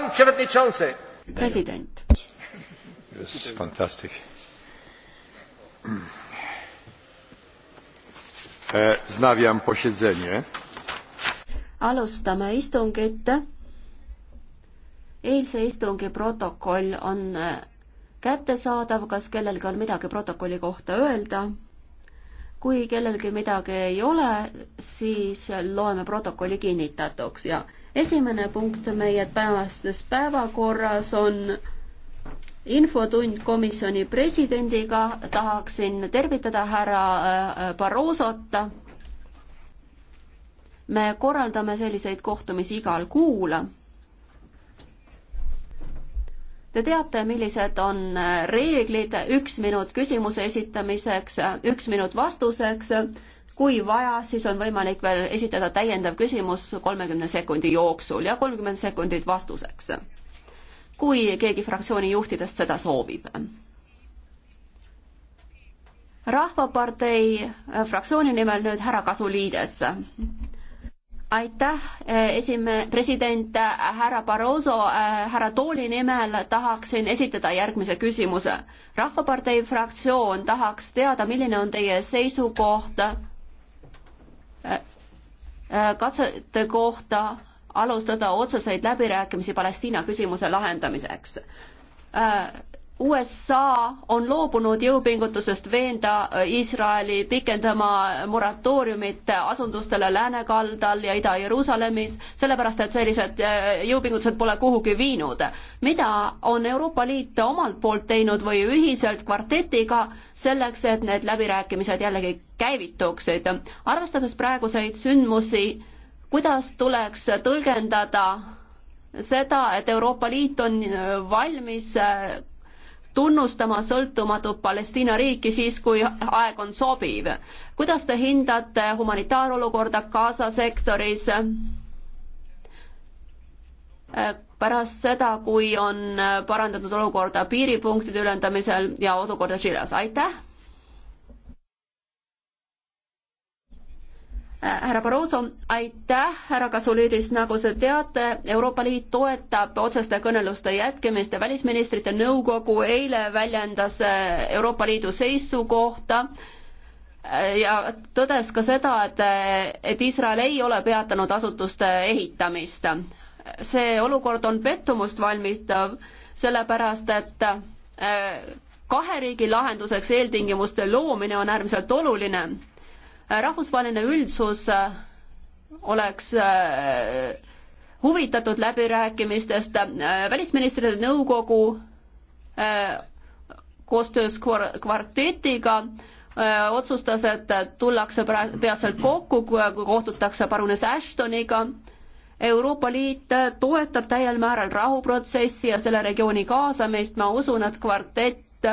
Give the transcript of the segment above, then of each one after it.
Pan przewodniczący. Prezydent. Jest fantastyk. E, Znawiam posiedzenie. Alustame istungit. Eilse istungi protokoll on e, kättesaadav, kas kellelgi on midagi protokolli kohta öelda? kui kellelgi midagi ei ole, siis loeme protokolli kinnitatuks ja esimene punkt meie tänastes päevakorras on infotund komisjoni presidendiga, tahaksin tervitada härra äh, Barrosot. me korraldame selliseid kohtumisi igal kuul. Te teate, millised on äh, reeglid, üks minut küsimuse esitamiseks, äh, üks minut vastuseks kui vaja, siis on võimalik veel esitada täiendav küsimus kolmekümne sekundi jooksul ja kolmkümmend sekundit vastuseks, kui keegi fraktsiooni juhtidest seda soovib. rahvapartei fraktsiooni nimel nüüd härra Kasuliides aitäh, esime-, president härra Barroso äh,, härra Tooli nimel tahaksin esitada järgmise küsimuse. rahvapartei fraktsioon tahaks teada, milline on teie seisukoht katsete kohta alustada otseseid läbirääkimisi Palestiina küsimuse lahendamiseks USA on loobunud jõupingutusest veenda äh, Iisraeli pikendama moratooriumit äh, asundustele läänekaldal ja Ida-Jeruusalemmis, sellepärast et sellised äh, jõupingutused pole kuhugi viinud. mida on Euroopa Liit omalt poolt teinud või ühiselt kvartetiga selleks, et need läbirääkimised jällegi käivituksid? arvestades praeguseid sündmusi, kuidas tuleks tõlgendada seda, et Euroopa Liit on valmis tunnustama sõltumatut Palestiina riiki siis, kui aeg on sobiv. kuidas te hindate humanitaarolukorda Gaza sektoris pärast seda, kui on parandatud olukorda piiripunktide ülendamisel ja olukorda Tšiilas, aitäh! härra Barroso, aitäh, härra Kasuliidis, nagu te teate, Euroopa Liit toetab otseste kõneluste jätkimist ja välisministrite nõukogu eile väljendas eh, Euroopa Liidu seisukohta eh, ja tõdes ka seda, et, eh, et Iisrael ei ole peatanud asutuste ehitamist. see olukord on pettumust valmistav, sellepärast et kahe riigi lahenduseks eeltingimuste loomine on äärmiselt oluline rahvusvaheline üldsus äh, oleks äh, huvitatud läbirääkimistest, äh, välisministrite nõukogu koostöös kvartetiga otsustas, et tullakse peatselt kokku, kohtutakse parunes Ashtoniga. Euroopa Liit toetab täiel määral rahuprotsessi ja selle regiooni kaasamist, ma usun, et kvartett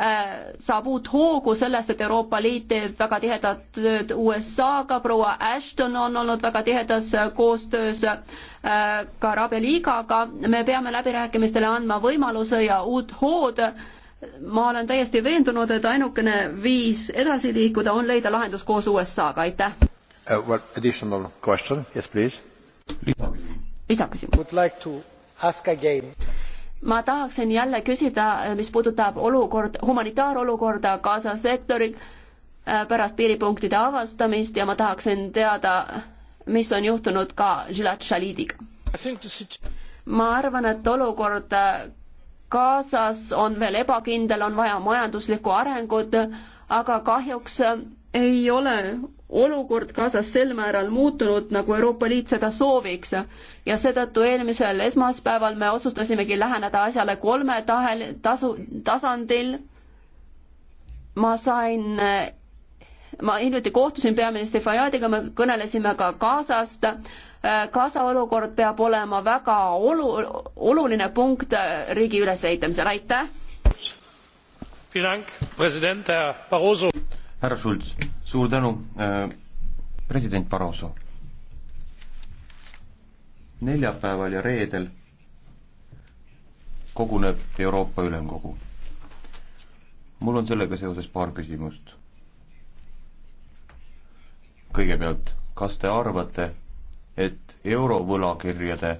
Äh, saab uut hoogu sellest, et Euroopa Liit teeb väga tihedat tööd USA-ga, proua Ashton on olnud väga tihedas koostöös äh, ka Araabia liigaga, me peame läbirääkimistele andma võimaluse ja uut hood. ma olen täiesti veendunud, et ainukene viis edasi liikuda on leida lahendus koos USA-ga, aitäh uh,. Well, additional question, yes please. lisaküsimus. Would like to ask again ma tahaksin jälle küsida, eh, mis puudutab olukord, humanitaarolukorda Gaza sektoril eh, pärast piiripunktide avastamist ja ma tahaksin teada, mis on juhtunud ka Gilad Shalidiga. ma arvan, et olukord eh, Gazas on veel ebakindel, on vaja majanduslikku arengut, aga kahjuks ei ole olukord Gazas sel määral muutunud, nagu Euroopa Liit seda sooviks. ja seetõttu eelmisel esmaspäeval me otsustasimegi läheneda asjale kolme tahel, tasu, tasandil. ma sain, ma hiljuti kohtusin peaminister Fayadiga, me kõnelesime ka Gazast. Gaza olukord peab olema väga olu-, oluline punkt riigi ülesehitamisel, aitäh! president Barroso härra Schulz, suur tänu, äh, president Barroso. neljapäeval ja reedel koguneb Euroopa Ülemkogu. mul on sellega seoses paar küsimust. kõigepealt, kas te arvate, et eurovõlakirjade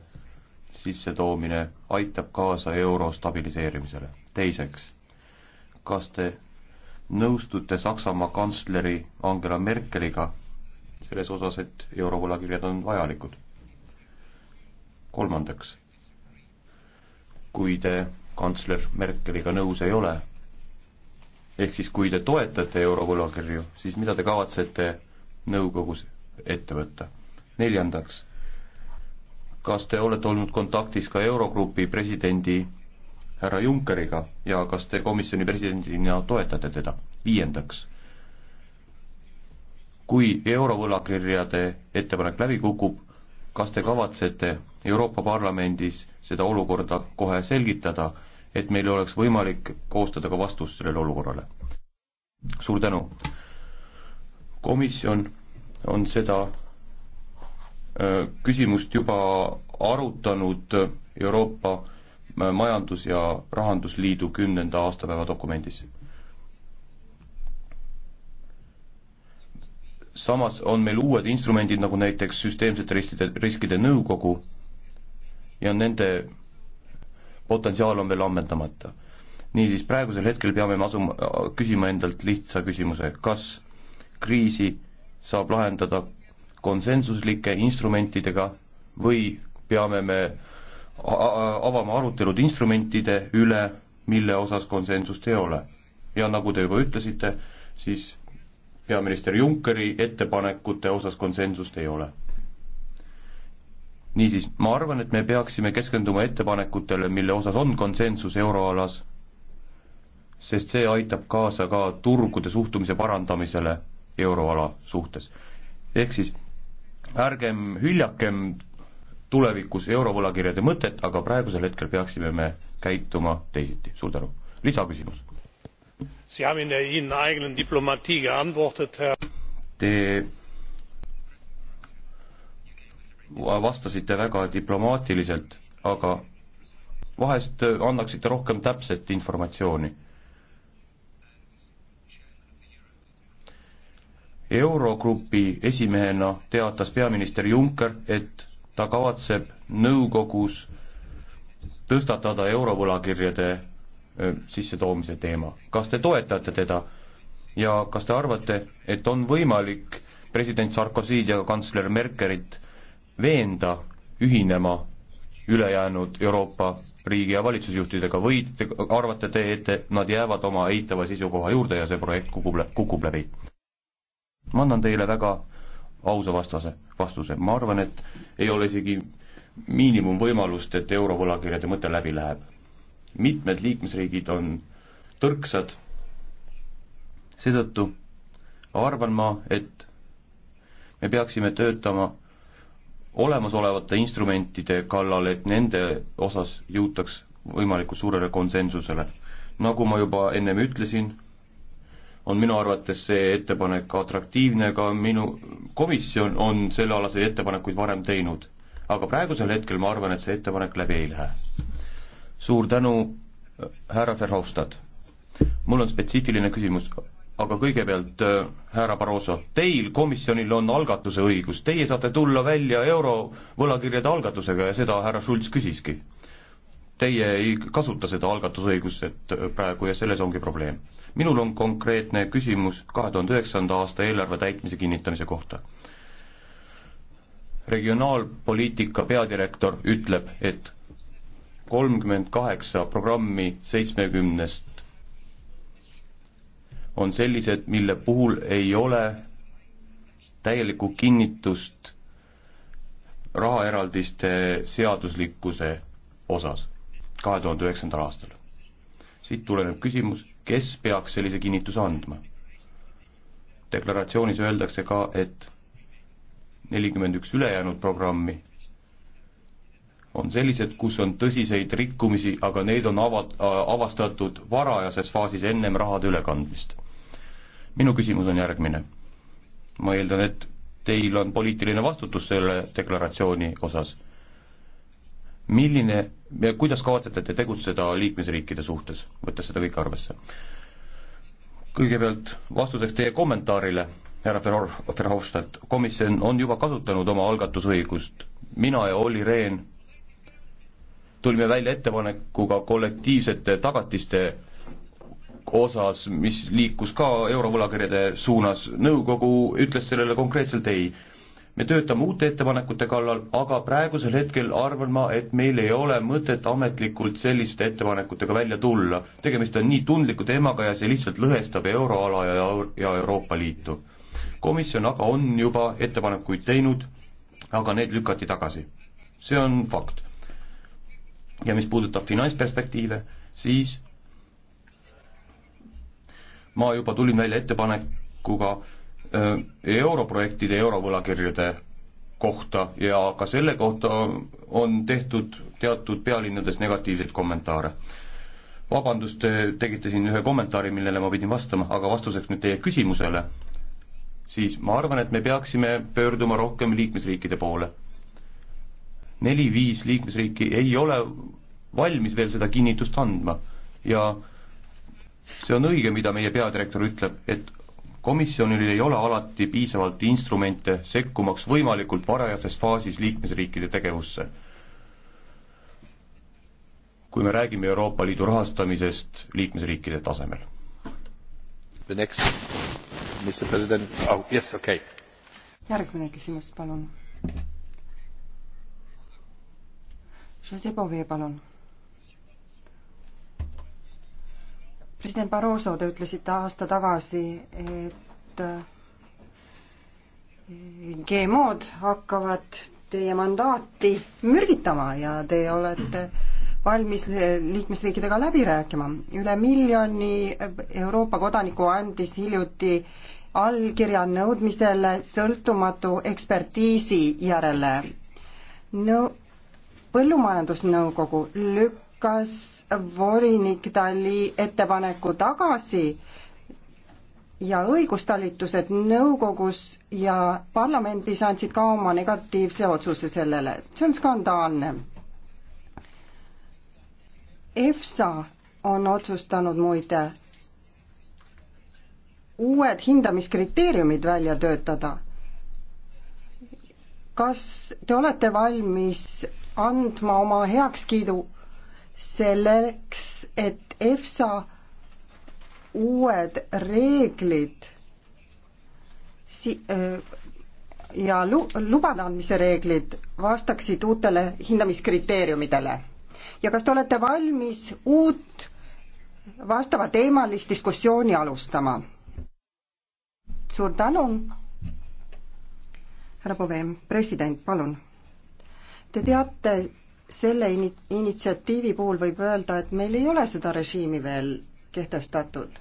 sissetoomine aitab kaasa euro stabiliseerimisele? teiseks, kas te nõustute Saksamaa kantsleri Angela Merkeliga selles osas, et eurovõlakirjad on vajalikud? kolmandaks, kui te kantsler Merkeliga nõus ei ole, ehk siis kui te toetate eurovõlakirju, siis mida te kavatsete nõukogus ette võtta? neljandaks, kas te olete olnud kontaktis ka Eurogrupi presidendi härra Junckeriga ja kas te komisjoni presidendina toetate teda? viiendaks, kui eurovõlakirjade ettepanek läbi kukub, kas te kavatsete Euroopa Parlamendis seda olukorda kohe selgitada, et meil oleks võimalik koostada ka vastus sellele olukorrale? suur tänu! komisjon on seda öö, äh, küsimust juba arutanud Euroopa majandus- ja rahandusliidu kümnenda aastapäeva dokumendis. samas on meil uued instrumendid, nagu näiteks süsteemsete riskide, riskide nõukogu ja nende potentsiaal on veel ammendamata. niisiis, praegusel hetkel peame me asuma, küsima endalt lihtsa küsimuse, kas kriisi saab lahendada konsensuslike instrumentidega või peame me äh, avama arutelud instrumentide üle, mille osas konsensust ei ole. ja nagu te juba ütlesite, siis peaminister Junckeri ettepanekute osas konsensust ei ole. niisiis, ma arvan, et me peaksime keskenduma ettepanekutele, mille osas on konsensus euroalas, sest see aitab kaasa ka turgude suhtumise parandamisele euroala suhtes. ehk siis ärgem hüljakem tulevikus eurovõlakirjade mõtet, aga praegusel hetkel peaksime me käituma teisiti. suur tänu. lisaküsimus. Te vastasite väga diplomaatiliselt, aga vahest annaksite rohkem täpset informatsiooni. eurogrupi esimehena teatas peaminister Juncker, et ta kavatseb nõukogus tõstatada eurovõlakirjade sissetoomise teema. kas te toetate teda ja kas te arvate, et on võimalik president Sarkozyd ja kantsler Merkelit veenda ühinema ülejäänud Euroopa riigi- ja valitsusjuhtidega või te arvate te, et nad jäävad oma eitava seisukoha juurde ja see projekt kukub, kukub läbi? ma annan teile väga ausa vastase, vastuse. ma arvan, et ei ole isegi miinimumvõimalust, et eurovõlakirjade mõte läbi läheb. mitmed liikmesriigid on tõrksad, seetõttu arvan ma, et me peaksime töötama olemasolevate instrumentide kallal, et nende osas jõutaks võimalikult suurele konsensusele. nagu ma juba ennem ütlesin, on minu arvates see ettepanek atraktiivne, ka minu komisjon on sellealaseid ettepanekuid varem teinud. aga praegusel hetkel ma arvan, et see ettepanek läbi ei lähe. suur tänu, härra Verhofstadt. mul on spetsiifiline küsimus, aga kõigepealt äh,, härra Barroso, teil komisjonil on algatuse õigus, teie saate tulla välja euro võlakirjade algatusega ja seda härra Schulz küsiski teie ei kasuta seda algatusõigust praegu ja selles ongi probleem. minul on konkreetne küsimus kahe tuhande üheksanda aasta eelarve täitmise kinnitamise kohta. regionaalpoliitika peadirektor ütleb, et kolmkümmend kaheksa programmi seitsmekümnest on sellised, mille puhul ei ole täielikku kinnitust rahaeraldiste seaduslikkuse osas kahe tuhande üheksandal aastal. siit tuleneb küsimus, kes peaks sellise kinnituse andma? deklaratsioonis öeldakse ka, et nelikümmend üks ülejäänud programmi on sellised, kus on tõsiseid rikkumisi, aga need on avat-, avastatud varajases faasis ennem rahade ülekandmist. minu küsimus on järgmine. ma eeldan, et teil on poliitiline vastutus selle deklaratsiooni osas milline, kuidas kavatsete te tegutseda liikmesriikide suhtes, võttes seda kõike arvesse? kõigepealt vastuseks teie kommentaarile, härra Verho-, Verhofstadt, komisjon on juba kasutanud oma algatusõigust, mina ja Olli Rehn tulime välja ettepanekuga kollektiivsete tagatiste osas, mis liikus ka eurovõlakirjade suunas, nõukogu ütles sellele konkreetselt ei me töötame uute ettepanekute kallal, aga praegusel hetkel arvan ma, et meil ei ole mõtet ametlikult selliste ettepanekutega välja tulla. tegemist on nii tundliku teemaga ja see lihtsalt lõhestab euroala ja, ja Euroopa Liitu. komisjon aga on juba ettepanekuid teinud, aga need lükati tagasi. see on fakt. ja mis puudutab finantsperspektiive, siis ma juba tulin välja ettepanekuga, Äh, europrojektide, eurovõlakirjade kohta ja ka selle kohta on tehtud teatud pealinnades negatiivseid kommentaare. vabandust, te tegite siin ühe kommentaari, millele ma pidin vastama, aga vastuseks nüüd teie küsimusele, siis ma arvan, et me peaksime pöörduma rohkem liikmesriikide poole. neli-viis liikmesriiki ei ole valmis veel seda kinnitust andma ja see on õige, mida meie peadirektor ütleb, et komisjonil ei ole alati piisavalt instrumente sekkumaks võimalikult varajases faasis liikmesriikide tegevusse. kui me räägime Euroopa Liidu rahastamisest liikmesriikide tasemel. The next, Mr President, oh yes, okei okay.. järgmine küsimus, palun. José Bové, palun president Barroso, te ütlesite aasta tagasi, et eh, GMO-d hakkavad teie mandaati mürgitama ja te olete valmis eh, liikmesriikidega läbi rääkima. üle miljoni Euroopa kodaniku andis hiljuti allkirja nõudmisele sõltumatu ekspertiisi järele. no põllumajandusnõukogu lükk-, lükkas volinik Tali ettepaneku tagasi ja õigustalitused nõukogus ja parlamendis andsid ka oma negatiivse otsuse sellele. see on skandaalne. EFSA on otsustanud muide uued hindamiskriteeriumid välja töötada. kas te olete valmis andma oma heakskiidu selleks, et EFSA uued reeglid si-, ja lu-, lubade andmise reeglid vastaksid uutele hindamiskriteeriumidele. ja kas te olete valmis uut vastavateemalist diskussiooni alustama? suur tänu, härra Poveem, president, palun. Te teate, selle in-, initsiatiivi puhul võib öelda, et meil ei ole seda režiimi veel kehtestatud.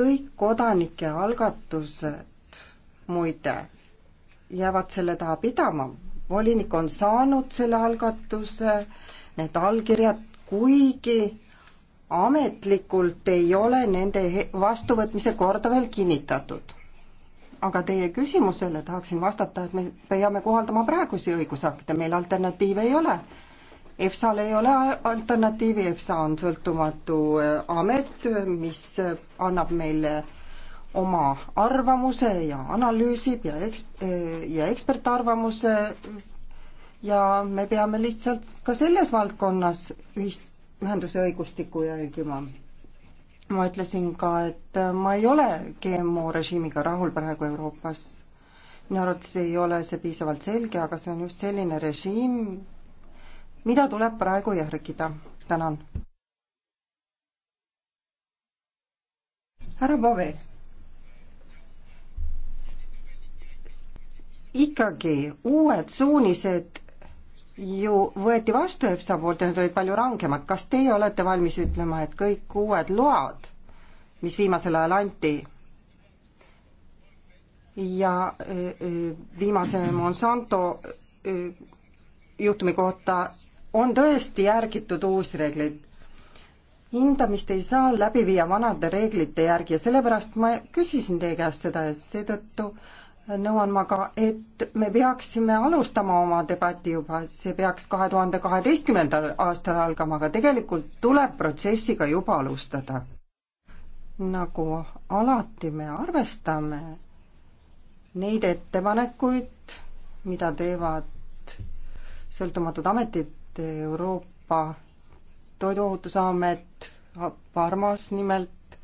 kõik kodanike algatused muide jäävad selle taha pidama, volinik on saanud selle algatuse, need allkirjad, kuigi ametlikult ei ole nende vastuvõtmise korda veel kinnitatud aga teie küsimusele tahaksin vastata, et me peame kohaldama praegusi õigusakte, meil alternatiive ei ole. EFSA-l ei ole alternatiivi, EFSA on sõltumatu äh, amet, mis äh, annab meile oma arvamuse ja analüüsib ja eks-, äh, ja ekspertarvamuse ja me peame lihtsalt ka selles valdkonnas ühist, ühenduse õigustikku jälgima ma ütlesin ka, et äh, ma ei ole GMO režiimiga rahul praegu Euroopas. minu arvates ei ole see piisavalt selge, aga see on just selline režiim, mida tuleb praegu järgida. tänan. härra Pave. ikkagi uued suunised ju võeti vastu EFSA poolt ja need olid palju rangemad. kas teie olete valmis ütlema, et kõik uued load, mis viimasel ajal anti, ja viimase Monsanto juhtumi kohta on tõesti järgitud uusi reegleid? hindamist ei saa läbi viia vanade reeglite järgi ja sellepärast ma küsisin teie käest seda ja seetõttu äh, nõuan ma ka, et me peaksime alustama oma debatti juba, see peaks kahe tuhande kaheteistkümnendal aastal algama, aga tegelikult tuleb protsessiga juba alustada. nagu alati me arvestame neid ettepanekuid, mida teevad sõltumatud ametid, Euroopa Toiduohutusamet, Parmas nimelt,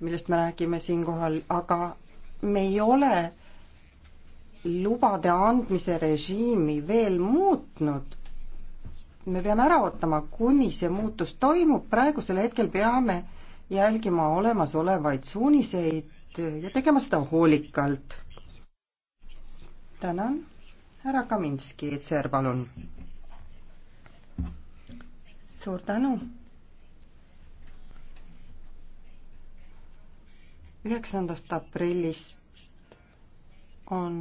millest me räägime siinkohal, aga me ei ole lubade andmise režiimi veel muutnud. me peame ära ootama, kuni see muutus toimub, praegusel hetkel peame jälgima olemasolevaid suuniseid ja tegema seda hoolikalt. tänan, härra Kaminski, ETSR, palun. suur tänu üheksandast aprillist on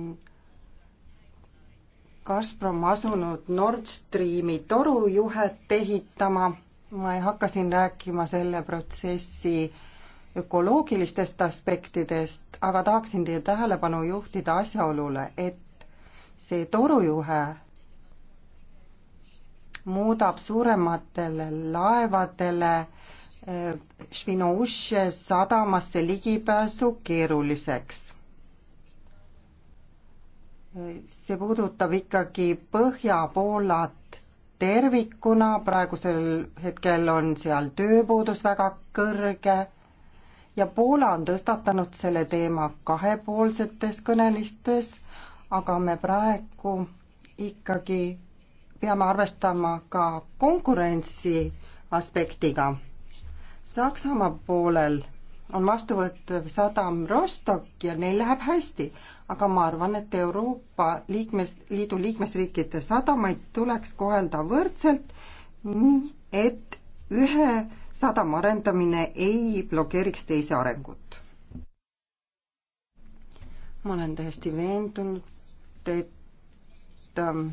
Gazprom asunud Nord Streami torujuhet ehitama. ma ei hakka siin rääkima selle protsessi ökoloogilistest aspektidest, aga tahaksin teie tähelepanu juhtida asjaolule, et see torujuhe muudab suurematele laevadele Švinouše sadamasse ligipääsu keeruliseks. see puudutab ikkagi Põhja-Poolat tervikuna, praegusel hetkel on seal tööpuudus väga kõrge ja Poola on tõstatanud selle teema kahepoolsetes kõnelistes, aga me praegu ikkagi peame arvestama ka konkurentsi aspektiga Saksamaa poolel on vastuvõttev sadam Rostock ja neil läheb hästi, aga ma arvan, et Euroopa liikmes, Liidu liikmesriikide sadamaid tuleks kohelda võrdselt, nii et ühe sadama arendamine ei blokeeriks teise arengut. ma olen täiesti veendunud, et ähm,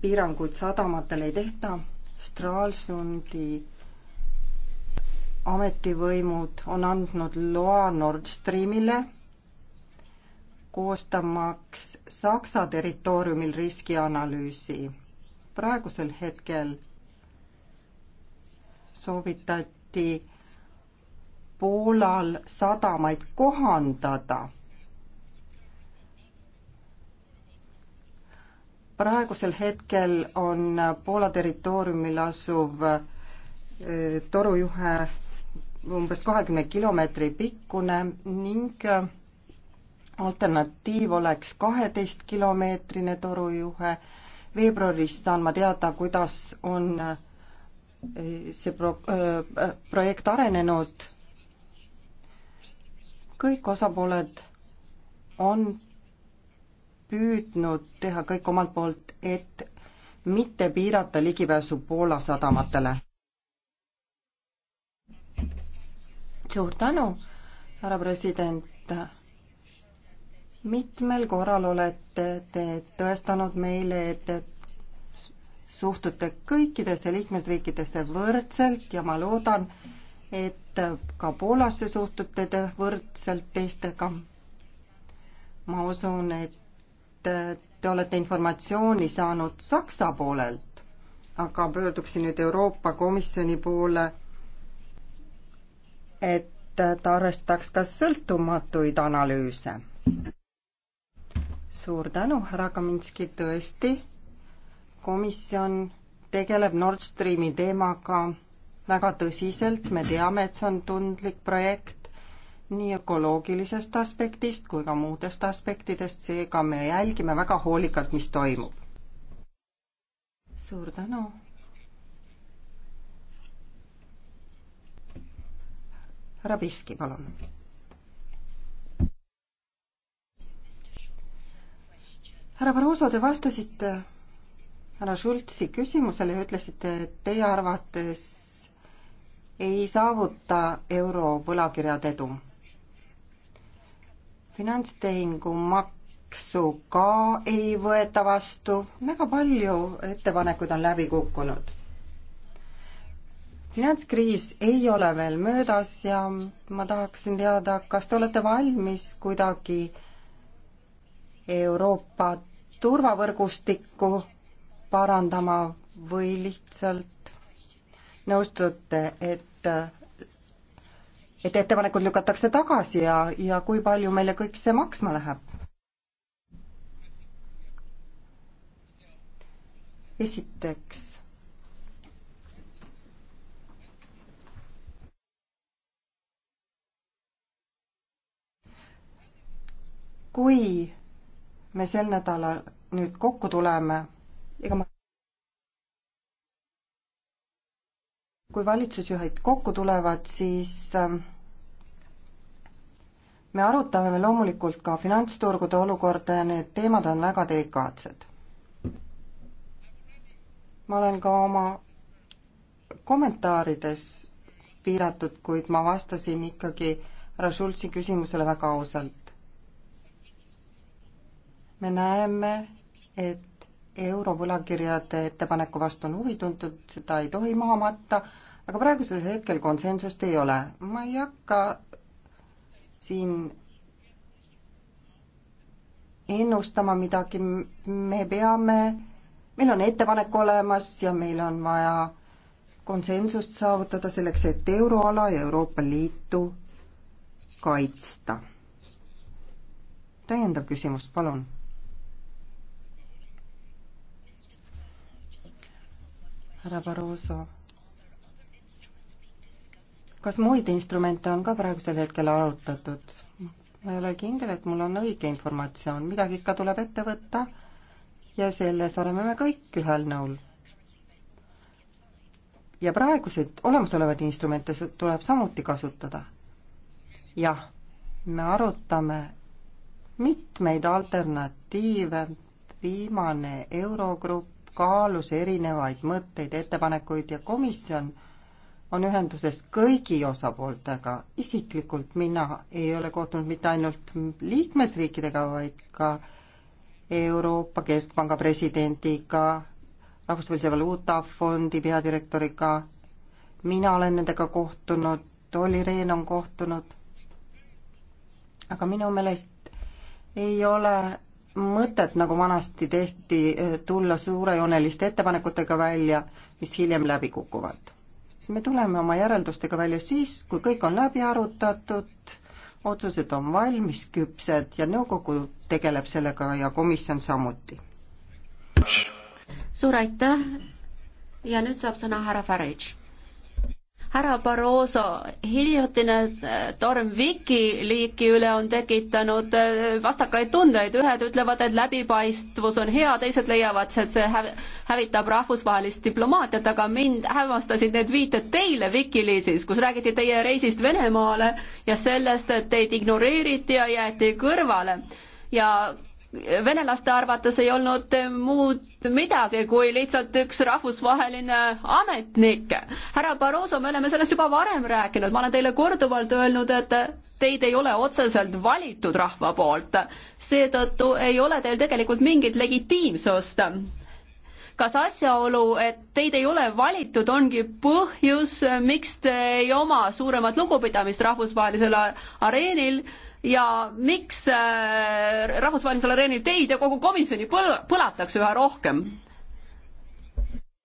piiranguid sadamatele ei tehta, Straalsundi ametivõimud on andnud loa Nord Streamile koostamaks Saksa territooriumil riskianalüüsi. praegusel hetkel soovitati Poolal sadamaid kohandada. praegusel hetkel on Poola territooriumil asuv eh, torujuhe umbes kahekümne kilomeetri pikkune ning äh, alternatiiv oleks kaheteistkilomeetrine torujuhe. veebruaris saan ma teada, kuidas on äh, see pro-, äh, projekt arenenud. kõik osapooled on püüdnud teha kõik omalt poolt, et mitte piirata ligipääsu Poola sadamatele. suur tänu, härra president. mitmel korral olete te tõestanud meile, et, et suhtute kõikidesse liikmesriikidesse võrdselt ja ma loodan, et ka Poolasse suhtute te võrdselt teistega. ma usun, et te olete informatsiooni saanud Saksa poolelt, aga pöörduksin nüüd Euroopa Komisjoni poole et ta arvestaks ka sõltumatuid analüüse. suur tänu, härra Kaminski, tõesti, komisjon tegeleb Nord Streami teemaga väga tõsiselt, me teame, et see on tundlik projekt nii ökoloogilisest aspektist kui ka muudest aspektidest, seega me jälgime väga hoolikalt, mis toimub. suur tänu, härra Viski, palun. härra Barroso, te vastasite härra Schultzi küsimusele ja ütlesite, et teie arvates ei saavuta euro võlakirjad edu. finantstehingu maksu ka ei võeta vastu, väga palju ettepanekuid on läbi kukkunud finantskriis ei ole veel möödas ja ma tahaksin teada, kas te olete valmis kuidagi Euroopa turvavõrgustikku parandama või lihtsalt nõustute, et et ettepanekud lükatakse tagasi ja, ja kui palju meile kõik see maksma läheb? esiteks kui me sel nädalal nüüd kokku tuleme, ega ma kui valitsusjuhid kokku tulevad, siis ähm, me arutame loomulikult ka finantsturgude olukorda ja need teemad on väga delikaatsed. ma olen ka oma kommentaarides piiratud, kuid ma vastasin ikkagi härra Schultzi küsimusele väga ausalt me näeme, et eurovõlakirjade ettepaneku vastu on huvi tuntud, seda ei tohi maha matta, aga praegusel hetkel konsensust ei ole. ma ei hakka siin ennustama midagi, me peame, meil on ettepanek olemas ja meil on vaja konsensust saavutada selleks, et euroala ja Euroopa Liitu kaitsta. täiendav küsimus, palun härra Barroso, kas muid instrumente on ka praegusel hetkel arutatud? ma ei ole kindel, et mul on õige informatsioon, midagi ikka tuleb ette võtta ja selles oleme me kõik ühel nõul. ja praeguseid olemasolevaid instrumente tuleb samuti kasutada. jah, me arutame mitmeid alternatiive, viimane Eurogrupp, kaalus erinevaid mõtteid, ettepanekuid ja komisjon on ühenduses kõigi osapooltega. isiklikult mina ei ole kohtunud mitte ainult liikmesriikidega, vaid ka Euroopa Keskpanga presidendiga, Rahvusvahelise Valuutafondi peadirektoriga, mina olen nendega kohtunud, Olli Rehn on kohtunud, aga minu meelest ei ole mõtet, nagu vanasti tehti, tulla suurejooneliste ettepanekutega välja, mis hiljem läbi kukuvad. me tuleme oma järeldustega välja siis, kui kõik on läbi arutatud, otsused on valmis, küpsed ja nõukogu tegeleb sellega ja komisjon samuti. suur aitäh ja nüüd saab sõna härra Farage härra Barroso, hiljutine äh, torm Wikileaki üle on tekitanud äh, vastakaid tundeid, ühed ütlevad, et läbipaistvus on hea, teised leiavad, et see hävitab rahvusvahelist diplomaatiat, aga mind hämmastasid need viited teile Wikileaksis, kus räägiti teie reisist Venemaale ja sellest, et teid ignoreeriti ja jäeti kõrvale ja venelaste arvates ei olnud muud midagi kui lihtsalt üks rahvusvaheline ametnik. härra Barroso, me oleme sellest juba varem rääkinud, ma olen teile korduvalt öelnud, et teid ei ole otseselt valitud rahva poolt, seetõttu ei ole teil tegelikult mingit legitiimsust. kas asjaolu, et teid ei ole valitud, ongi põhjus, miks te ei oma suuremat lugupidamist rahvusvahelisel areenil? ja miks äh, rahvusvahelisel areenil teid ja kogu komisjoni põl-, põlatakse üha rohkem?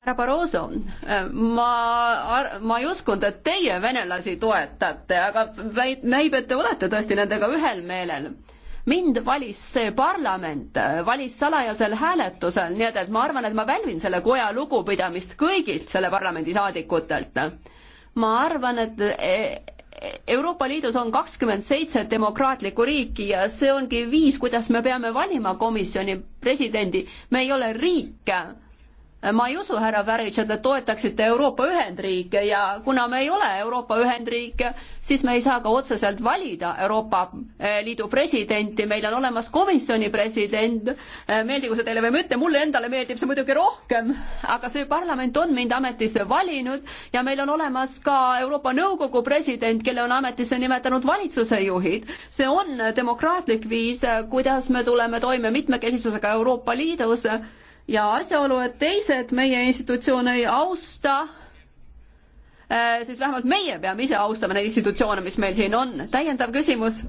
härra Barroso, äh, ma, ma ei uskunud, et teie venelasi toetate, aga näib, et te olete tõesti nendega ühel meelel mind valis see parlament, valis salajasel hääletusel, nii et, et ma arvan, et ma välvin selle koja lugupidamist kõigilt selle parlamendisaadikutelt. ma arvan, et Euroopa Liidus on kakskümmend seitse demokraatlikku riiki ja see ongi viis, kuidas me peame valima komisjoni presidendi. me ei ole riik, ma ei usu, härra Pärits, et te toetaksite Euroopa ühendriike ja kuna me ei ole Euroopa ühendriik, siis me ei saa ka otseselt valida Euroopa eh, Liidu presidenti, meil on olemas komisjoni president, eh, meeldigu see teile või mitte, mulle endale meeldib see muidugi rohkem, aga see parlament on mind ametisse valinud ja meil on olemas ka Euroopa Nõukogu president, kelle on ametisse nimetanud valitsuse juhid. see on demokraatlik viis, eh, kuidas me tuleme toime mitmekesisusega Euroopa Liidus ja asjaolu, et teised meie institutsioone ei austa, äh, siis vähemalt meie peame ise austama neid institutsioone, mis meil siin on. täiendav küsimus?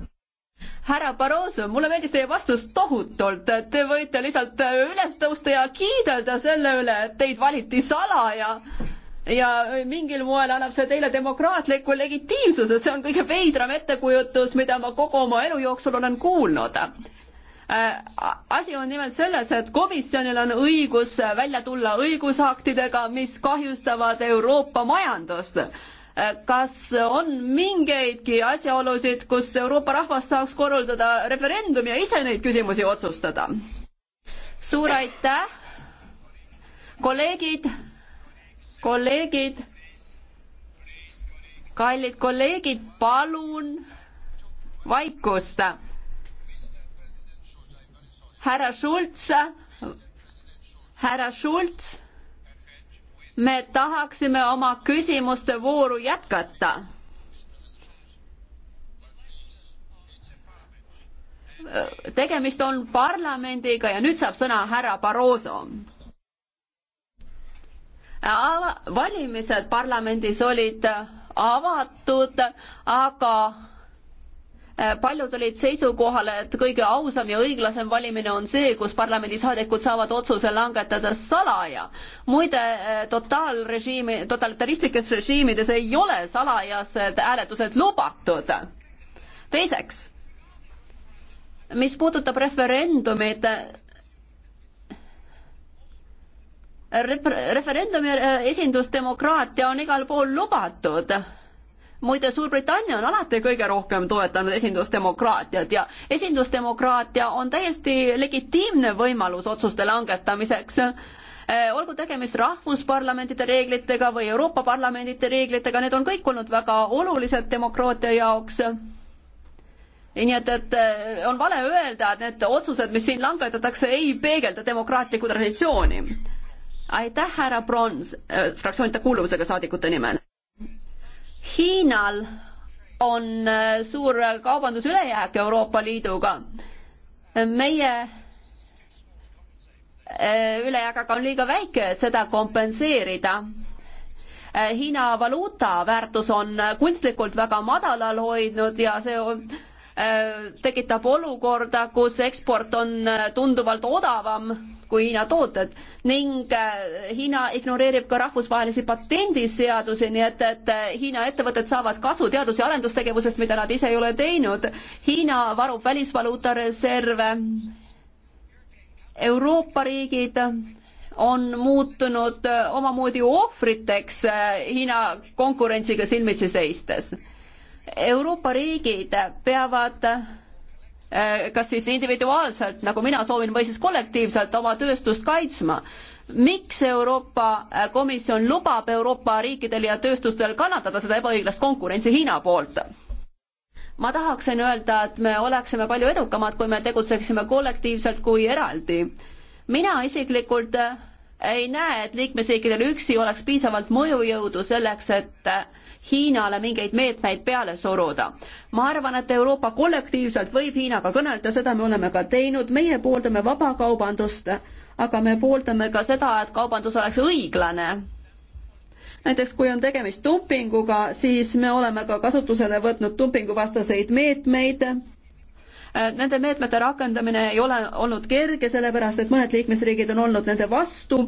härra Barroso, mulle meeldis teie vastus tohutult, et te võite lihtsalt äh, üles tõusta ja kiidelda selle üle, et teid valiti salaja ja mingil moel annab see teile demokraatliku legitiimsuse, see on kõige veidram ettekujutus, mida ma kogu oma elu jooksul olen kuulnud Äh, asi on nimelt selles, et komisjonil on õigus välja tulla õigusaktidega, mis kahjustavad Euroopa majandust. Äh, kas on mingeidki asjaolusid, kus Euroopa rahvas saaks korraldada referendumi ja ise neid küsimusi otsustada? suur aitäh, kolleegid, kolleegid, kallid kolleegid, palun vaikust härra Schulz, härra Schulz, me tahaksime oma küsimuste vooru jätkata. tegemist on parlamendiga ja nüüd saab sõna härra Barroso valimised parlamendis olid avatud, aga Äh, paljud olid seisukohal, et kõige ausam ja õiglasem valimine on see, kus parlamendisaadikud saavad otsuse langetada salaja. muide, äh, totaalrežiimi, totalitaristlikes režiimides ei ole salajased hääletused lubatud. teiseks, mis puudutab referendumit, äh, referendumi esindusdemokraatia on igal pool lubatud muide, Suurbritannia on alati kõige rohkem toetanud esindusdemokraatiat ja esindusdemokraatia on täiesti legitiimne võimalus otsuste langetamiseks eh, olgu tegemist rahvusparlamentide reeglitega või Euroopa Parlamendite reeglitega, need on kõik olnud väga olulised demokraatia jaoks nii et, et eh, on vale öelda, et need otsused, mis siin langetatakse, ei peegelda demokraatlikku traditsiooni. aitäh, härra Brons äh,, fraktsioonide kuuluvusega saadikute nimel. Hiinal on äh, suur äh, kaubandusülejääk Euroopa Liiduga. meie äh, ülejääk aga on liiga väike, et seda kompenseerida. Hiina valuuta väärtus on kunstlikult väga madalal hoidnud ja see Äh, tekitab olukorda, kus eksport on äh, tunduvalt odavam kui Hiina tooted ning äh, Hiina ignoreerib ka rahvusvahelisi patendiseadusi, nii et, et Hiina ettevõtted saavad kasu teadus- ja arendustegevusest, mida nad ise ei ole teinud. Hiina varub välisvaluuta reserve. Euroopa riigid on muutunud omamoodi ohvriteks Hiina konkurentsiga silmitsi seistes Euroopa riigid peavad äh, kas siis individuaalselt, nagu mina soovin, või siis kollektiivselt oma tööstust kaitsma. miks Euroopa äh, Komisjon lubab Euroopa riikidel ja tööstustel kannatada seda ebaõiglast konkurentsi Hiina poolt? ma tahaksin öelda, et me oleksime palju edukamad, kui me tegutseksime kollektiivselt kui eraldi. mina isiklikult äh, ei näe, et liikmesriikidel üksi oleks piisavalt mõjujõudu selleks, et Hiinale mingeid meetmeid peale suruda. ma arvan, et Euroopa kollektiivselt võib Hiinaga kõnelda, seda me oleme ka teinud, meie pooldame vabakaubandust, aga me pooldame ka seda, et kaubandus oleks õiglane näiteks kui on tegemist dumpinguga, siis me oleme ka kasutusele võtnud dumpinguvastaseid meetmeid meet Äh, nende meetmete rakendamine ei ole olnud kerge, sellepärast et mõned liikmesriigid on olnud nende vastu,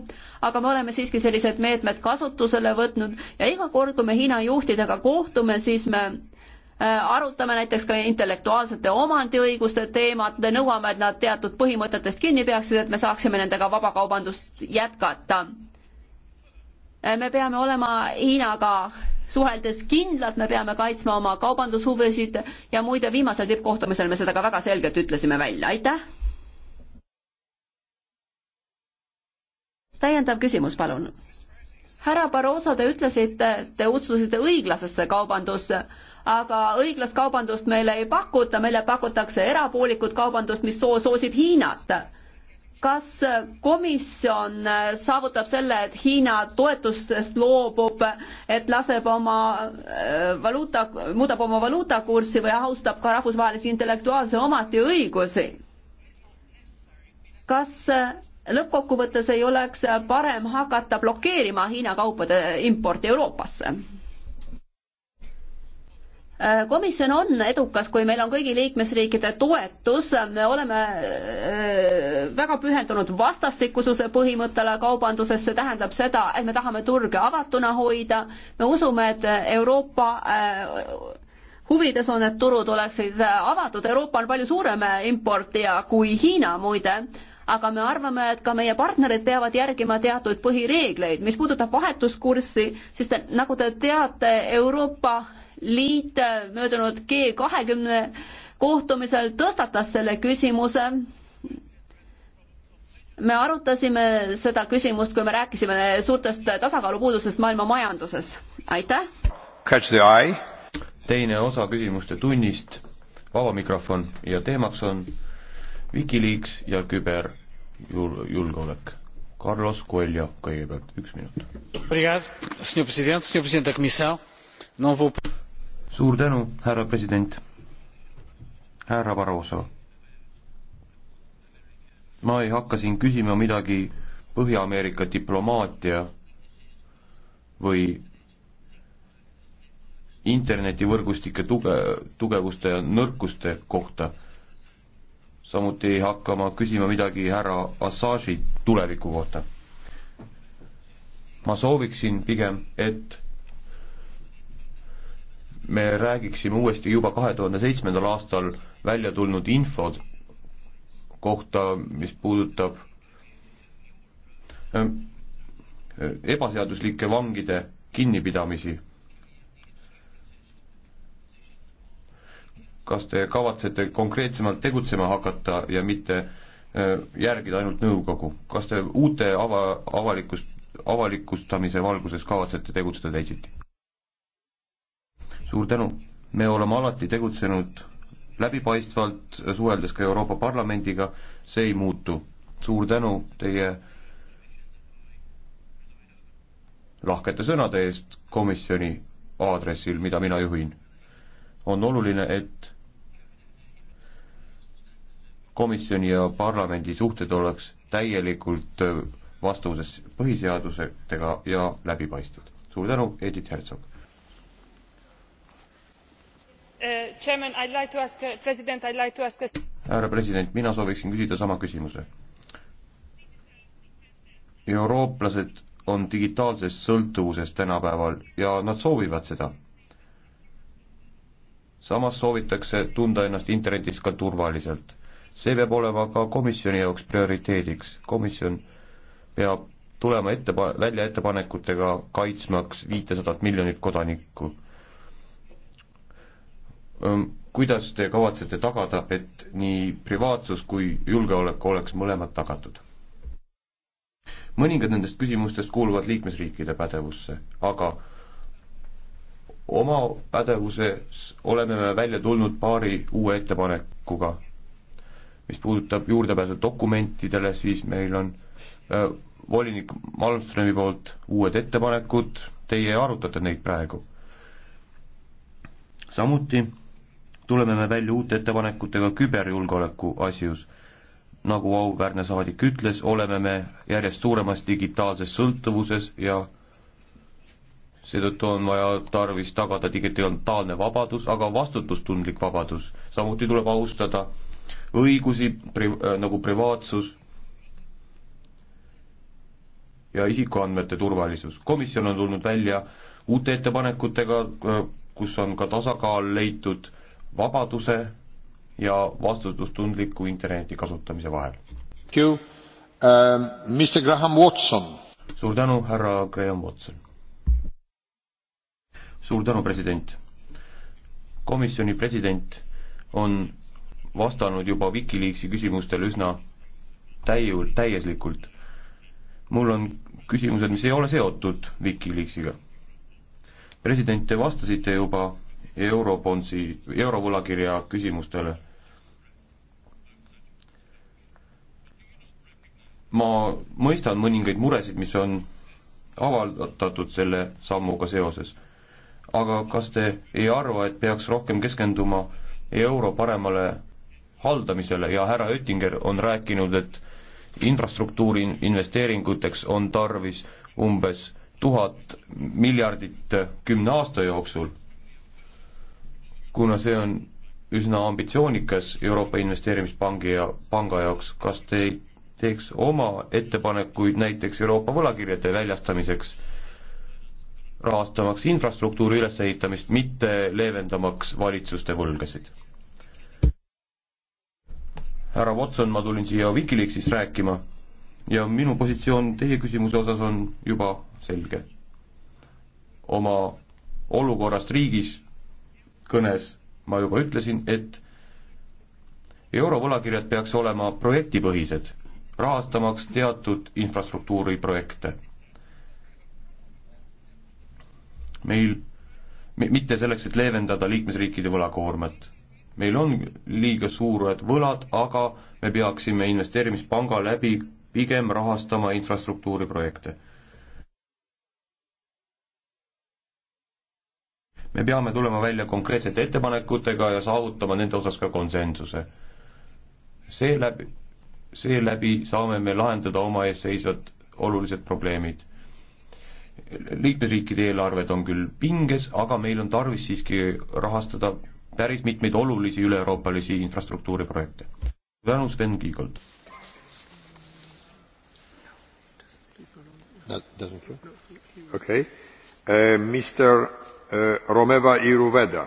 aga me oleme siiski sellised meetmed kasutusele võtnud ja iga kord, kui me Hiina juhtidega kohtume, siis me äh, arutame näiteks ka intellektuaalsete omandiõiguste teemat, me nõuame, et nad teatud põhimõtetest kinni peaksid, et me saaksime nendega vabakaubandust jätkata. Äh, me peame olema Hiinaga suheldes kindlalt, me peame kaitsma oma kaubandushuvisid ja muide, viimasel tippkohtumisel me seda ka väga selgelt ütlesime välja, aitäh. täiendav küsimus, palun. härra Barroso, te ütlesite, te uskusite õiglasesse kaubandusse, aga õiglast kaubandust meile ei pakuta, meile pakutakse erapoolikut kaubandust, mis soosib Hiinat kas komisjon saavutab selle, et Hiina toetustest loobub, et laseb oma äh, valuuta, muudab oma valuutakurssi või austab ka rahvusvahelisi intellektuaalse omatiõigusi? kas äh, lõppkokkuvõttes ei oleks parem hakata blokeerima Hiina kaupade importi Euroopasse? Äh, komisjon on edukas, kui meil on kõigi liikmesriikide toetus, me oleme äh, väga pühendunud vastastikususe põhimõttele kaubanduses, see tähendab seda, et me tahame turge avatuna hoida, me usume, et Euroopa äh, huvides on, et turud oleksid avatud, Euroopa on palju suurem importija kui Hiina muide, aga me arvame, et ka meie partnerid peavad järgima teatud põhireegleid, mis puudutab vahetuskurssi, siis te, nagu te teate, Euroopa Liit äh, möödunud G kahekümne kohtumisel tõstatas selle küsimuse. me arutasime seda küsimust, kui me rääkisime suurtest tasakaalupuudustest maailma majanduses. aitäh! teine osa küsimuste tunnist, vaba mikrofon ja teemaks on Wikileaks ja küberjulgeolek. Carlos Coelho kõigepealt, üks minut suur tänu, härra president, härra Barroso. ma ei hakka siin küsima midagi Põhja-Ameerika diplomaatia või internetivõrgustike tuge, tugevuste ja nõrkuste kohta. samuti ei hakka ma küsima midagi härra Assange'i tuleviku kohta. ma sooviksin pigem, et me räägiksime uuesti juba kahe tuhande seitsmendal aastal välja tulnud infod kohta, mis puudutab ähm, ebaseaduslike vangide kinnipidamisi. kas te kavatsete konkreetsemalt tegutsema hakata ja mitte äh, järgida ainult nõukogu, kas te uute ava, avalikust, avalikustamise valguses kavatsete tegutseda teisiti? suur tänu, me oleme alati tegutsenud läbipaistvalt, suheldes ka Euroopa Parlamendiga, see ei muutu. suur tänu teie lahkete sõnade eest komisjoni aadressil, mida mina juhin. on oluline, et komisjoni ja parlamendi suhted oleks täielikult vastavuses põhiseadusega ja läbipaistvad. suur tänu, Edith Herzog! Uh, uh, härra president, mina sooviksin küsida sama küsimuse. eurooplased on digitaalses sõltuvuses tänapäeval ja nad soovivad seda. samas soovitakse tunda ennast internetis ka turvaliselt. see peab olema ka komisjoni jaoks prioriteediks, komisjon peab tulema ettepa-, välja ettepanekutega kaitsmaks viitesadat miljonit kodanikku kuidas te kavatsete tagada, et nii privaatsus kui julgeolek oleks mõlemad tagatud? mõningad nendest küsimustest kuuluvad liikmesriikide pädevusse, aga oma pädevuses oleme me välja tulnud paari uue ettepanekuga. mis puudutab juurdepääsu dokumentidele, siis meil on äh, volinik Malmströmi poolt uued ettepanekud, teie arutate neid praegu. samuti tuleme me välja uute ettepanekutega küberjulgeoleku asjus. nagu auväärne saadik ütles, oleme me järjest suuremas digitaalses sõltuvuses ja seetõttu on vaja tarvis tagada digitaalne vabadus, aga vastutustundlik vabadus. samuti tuleb austada õigusi pri, äh, nagu privaatsus ja isikuandmete turvalisus. komisjon on tulnud välja uute ettepanekutega, äh, kus on ka tasakaal leitud äh, vabaduse ja vastutustundliku interneti kasutamise vahel. Um, Mr Graham Watson. suur tänu, härra Graham Watson. suur tänu, president. komisjoni president on vastanud juba Wikileaksi küsimustele üsna täiu-, täieslikult. mul on küsimused, mis ei ole seotud Wikileaksiga. president, te vastasite juba eurobondsi, eurovõlakirja küsimustele. ma mõistan mõningaid muresid, mis on avaldatud selle sammuga seoses. aga kas te ei arva, et peaks rohkem keskenduma euro paremale haldamisele ja härra Oettinger on rääkinud, et infrastruktuuri investeeringuteks on tarvis umbes tuhat miljardit kümne aasta jooksul kuna see on üsna ambitsioonikas Euroopa Investeerimispangi ja panga jaoks, kas te ei teeks oma ettepanekuid näiteks Euroopa võlakirjade väljastamiseks, rahastamaks infrastruktuuri ülesehitamist, mitte leevendamaks valitsuste võlgasid? härra Watson, ma tulin siia Wikileaksist rääkima ja minu positsioon teie küsimuse osas on juba selge. oma olukorrast riigis kõnes ma juba ütlesin, et eurovõlakirjad peaks olema projektipõhised, rahastamaks teatud infrastruktuuriprojekte. meil, mitte selleks, et leevendada liikmesriikide võlakoormat. meil on liiga suured võlad, aga me peaksime investeerimispanga läbi pigem rahastama infrastruktuuriprojekte me peame tulema välja konkreetsete ettepanekutega ja saavutama nende osas ka konsensuse. seeläbi, seeläbi saame me lahendada oma ees seisvad olulised probleemid. liikmesriikide eelarved on küll pinges, aga meil on tarvis siiski rahastada päris mitmeid olulisi üle-euroopalisi infrastruktuuriprojekte. tänu, Sven Kiigold! okei okay. uh,, Mr Äh, Romeva Iruveda.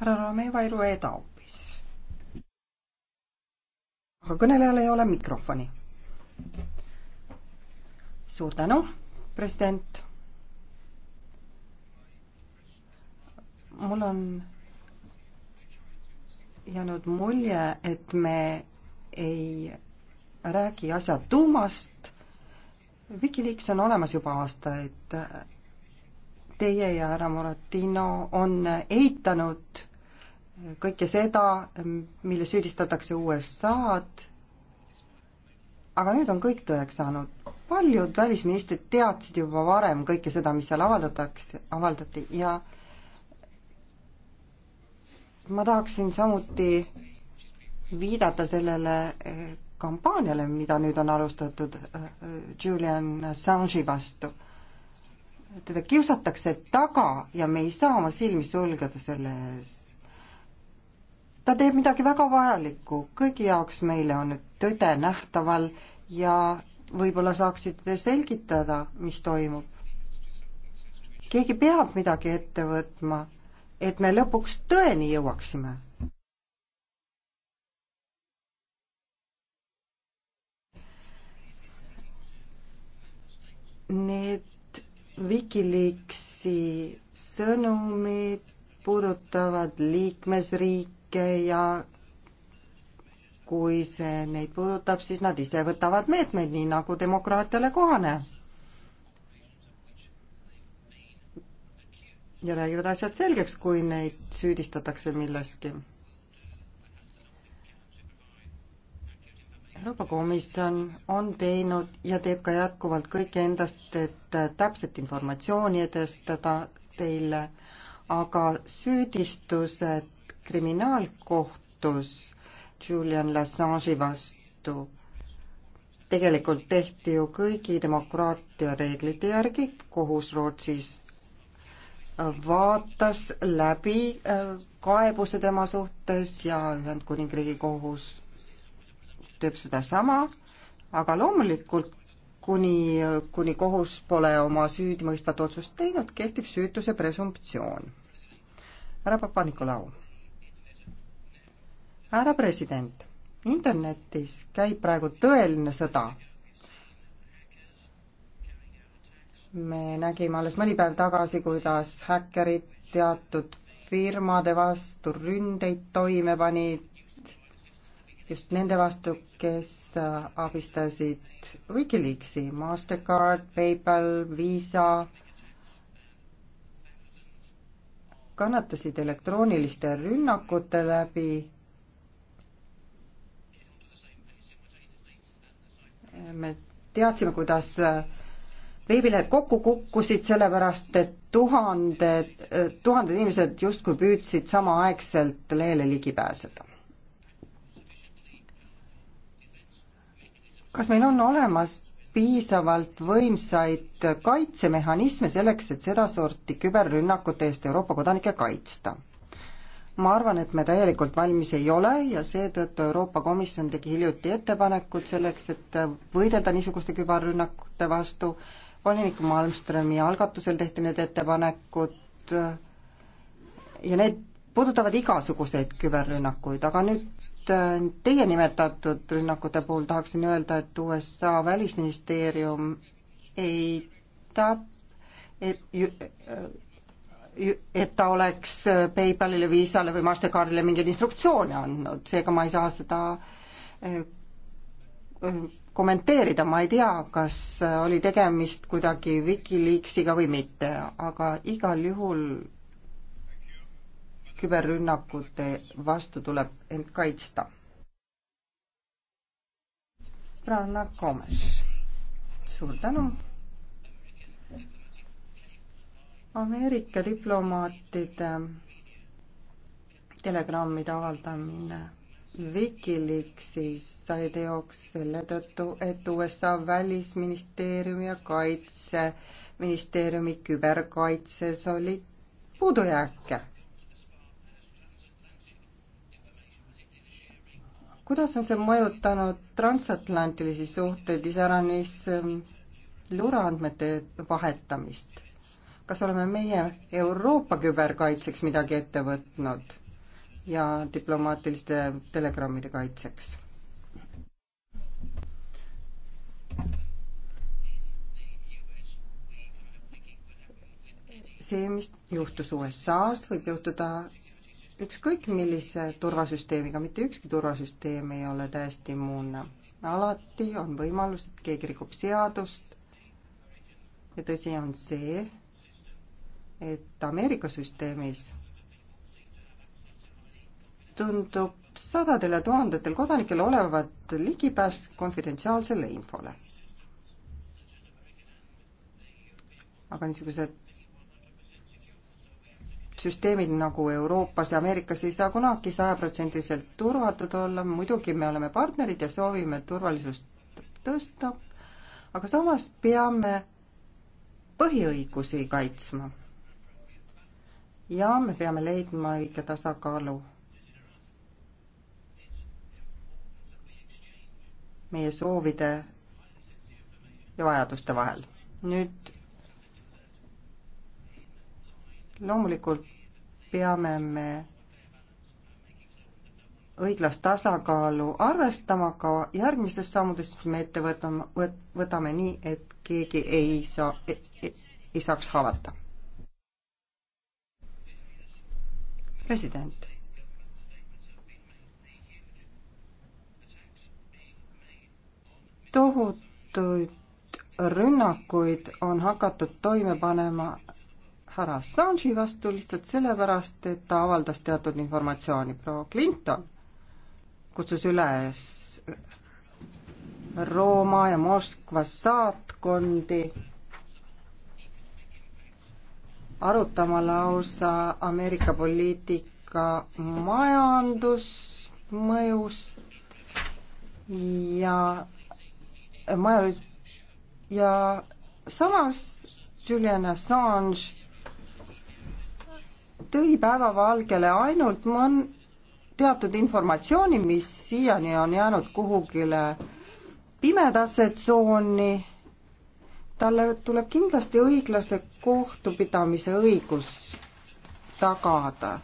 härra Romeva Iruveda hoopis. aga kõnelejal ei ole mikrofoni. suur tänu, president. mul on jäänud mulje, et me ei räägi asja tuumast. Wikileaks on olemas juba aastaid teie ja härra Moratino on eitanud kõike seda, milles süüdistatakse USA-d, aga nüüd on kõik tõeks saanud. paljud välisministrid teadsid juba varem kõike seda, mis seal avaldatakse, avaldati ja ma tahaksin samuti viidata sellele eh, kampaaniale, mida nüüd on alustatud eh, eh, Julian Assange'i vastu teda kiusatakse taga ja me ei saa oma silmi sulgeda selle ees. ta teeb midagi väga vajalikku, kõigi jaoks meile on nüüd tõde nähtaval ja võib-olla saaksite selgitada, mis toimub. keegi peab midagi ette võtma, et me lõpuks tõeni jõuaksime. Need Wikileaksi sõnumid puudutavad liikmesriike ja kui see neid puudutab, siis nad ise võtavad meetmeid, nii nagu demokraatiale kohane. ja räägivad asjad selgeks, kui neid süüdistatakse milleski Euroopa Komisjon on teinud ja teeb ka jätkuvalt kõik endast, et täpset informatsiooni edastada teile, aga süüdistused kriminaalkohtus Julian Assange'i vastu tegelikult tehti ju kõigi demokraatia reeglite järgi, kohus Rootsis äh, vaatas läbi äh, kaebuse tema suhtes ja Ühendkuningriigi kohus teeb sedasama, aga loomulikult kuni, kuni kohus pole oma süüdimõistvat otsust teinud, kehtib süütuse presumptsioon. härra Papa-Nikolau. härra president, internetis käib praegu tõeline sõda. me nägime alles mõni päev tagasi, kuidas häkkerid teatud firmade vastu ründeid toime panid, just nende vastu, kes äh, abistasid Wikileaksi, Mastercard, PayPal, Visa kannatasid elektrooniliste rünnakute läbi me teadsime, kuidas äh, veebilehed kokku kukkusid, sellepärast et tuhanded, äh, tuhanded inimesed justkui püüdsid samaaegselt lehele ligi pääseda. kas meil on olemas piisavalt võimsaid kaitsemehhanisme selleks, et sedasorti küberrünnakute eest Euroopa kodanikke kaitsta? ma arvan, et me täielikult valmis ei ole ja seetõttu Euroopa Komisjon tegi hiljuti ettepanekud selleks, et võidelda niisuguste küberrünnakute vastu. volinik Malmströmi algatusel tehti need ettepanekud ja need puudutavad igasuguseid küberrünnakuid, aga nüüd Äh, teie nimetatud rünnakute puhul tahaksin öelda, et USA välisministeerium eitab, et äh, et ta oleks äh, PayPalile, Visale või Mastercardile mingeid instruktsioone andnud, seega ma ei saa seda kommenteerida, ma ei tea, kas oli tegemist kuidagi Wikileaksiga või mitte, aga igal juhul küberrünnakute vastu tuleb end kaitsta. Rana Gomes, suur tänu. Ameerika diplomaatide telegrammide avaldamine Wikileaksis sai teoks selle tõttu, et USA välisministeeriumi ja kaitseministeeriumi küberkaitses oli puudujääke kuidas on see mõjutanud transatlantilisi suhteid, iseäranis ähm, luureandmete vahetamist? kas oleme meie Euroopa küberkaitseks midagi ette võtnud ja diplomaatiliste telegrammide kaitseks? see, mis juhtus USA-s, võib juhtuda ükskõik millise turvasüsteemiga, mitte ükski turvasüsteem ei ole täiesti immuunne. alati on võimalus, et keegi rikub seadust ja tõsi on see, et Ameerika süsteemis tundub sadadel ja tuhandetel kodanikel olevat ligipääs konfidentsiaalsele infole. aga niisugused süsteemid nagu Euroopas ja Ameerikas ei saa kunagi sajaprotsendiliselt turvatud olla, muidugi me oleme partnerid ja soovime turvalisust tõsta, aga samas peame põhiõigusi kaitsma. ja me peame leidma õige tasakaalu. meie soovide ja vajaduste vahel. nüüd loomulikult peame me õiglast tasakaalu arvestama ka järgmistes sammudes, mis me ette võtame, võtame nii, et keegi ei saa, e-, e-, ei saaks haavata. president. tohutuid rünnakuid on hakatud toime panema härra Assange'i vastu lihtsalt sellepärast, et ta avaldas teatud informatsiooni. proua Clinton kutsus üles Rooma ja Moskva saatkondi arutama lausa Ameerika poliitika majandusmõjust ja majandus ja samas Julian Assange tõi päevavalgele ainult mõn-, teatud informatsiooni, mis siiani on jäänud kuhugile pimedasse tsooni, talle tuleb kindlasti õiglase kohtupidamise õigus tagada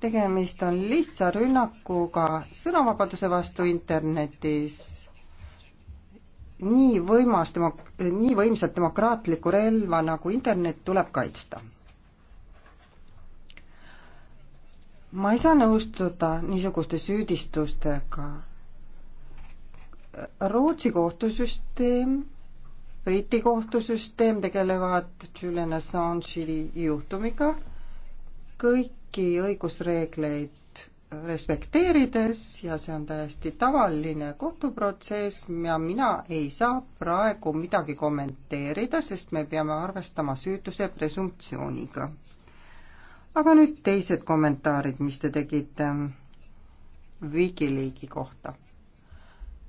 tegemist on lihtsa rünnakuga sõnavabaduse vastu internetis nii võimas demok-, nii võimsat demokraatlikku relva nagu internet tuleb kaitsta. ma ei saa nõustuda niisuguste süüdistustega. Rootsi kohtusüsteem, Briti kohtusüsteem tegelevad Julian Assange'i juhtumiga, kõiki õigusreegleid respekteerides ja see on täiesti tavaline kohtuprotsess ja mina ei saa praegu midagi kommenteerida, sest me peame arvestama süütuse presumptsiooniga. aga nüüd teised kommentaarid, mis te tegite Wikileaki kohta.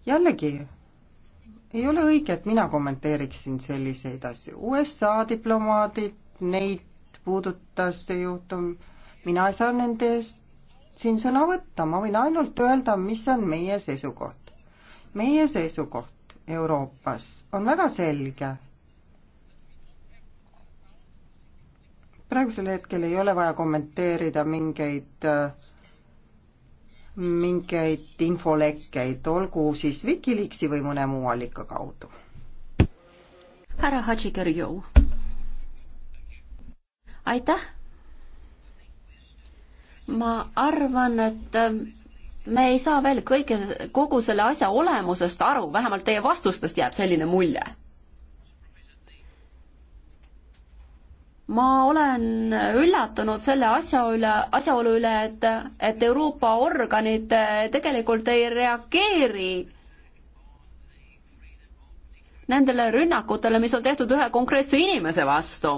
jällegi, ei ole õige, et mina kommenteeriksin selliseid asju. USA diplomaadid, neid puudutas see juhtum, mina ei saa nende eest siin sõna võtta, ma võin ainult öelda, mis on meie seisukoht. meie seisukoht Euroopas on väga selge. praegusel hetkel ei ole vaja kommenteerida mingeid mingeid infolekkeid, olgu siis Wikileaksi või mõne muu allika kaudu. härra Hadži Kerjõu. aitäh ma arvan, et ähm, me ei saa veel kõige, kogu selle asja olemusest aru, vähemalt teie vastustest jääb selline mulje. ma olen üllatunud selle asja üle, asjaolu üle, et, et Euroopa organid äh, tegelikult ei reageeri nendele rünnakutele, mis on tehtud ühe konkreetse inimese vastu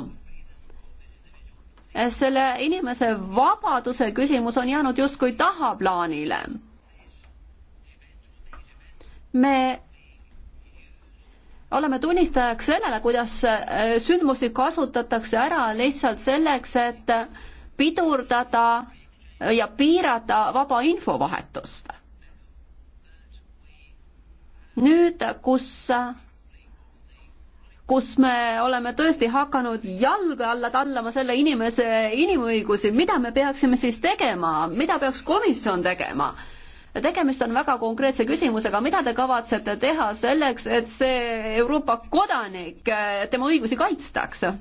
selle inimese vabaduse küsimus on jäänud justkui tahaplaanile. me oleme tunnistajaks sellele, kuidas äh, sündmusi kasutatakse ära lihtsalt selleks, et pidurdada ja piirata vaba infovahetust. nüüd, kus kus me oleme tõesti hakanud jalge alla tallama selle inimese inimõigusi, mida me peaksime siis tegema, mida peaks komisjon tegema? tegemist on väga konkreetse küsimusega, mida te kavatsete teha selleks, et see Euroopa kodanik, tema õigusi kaitstakse?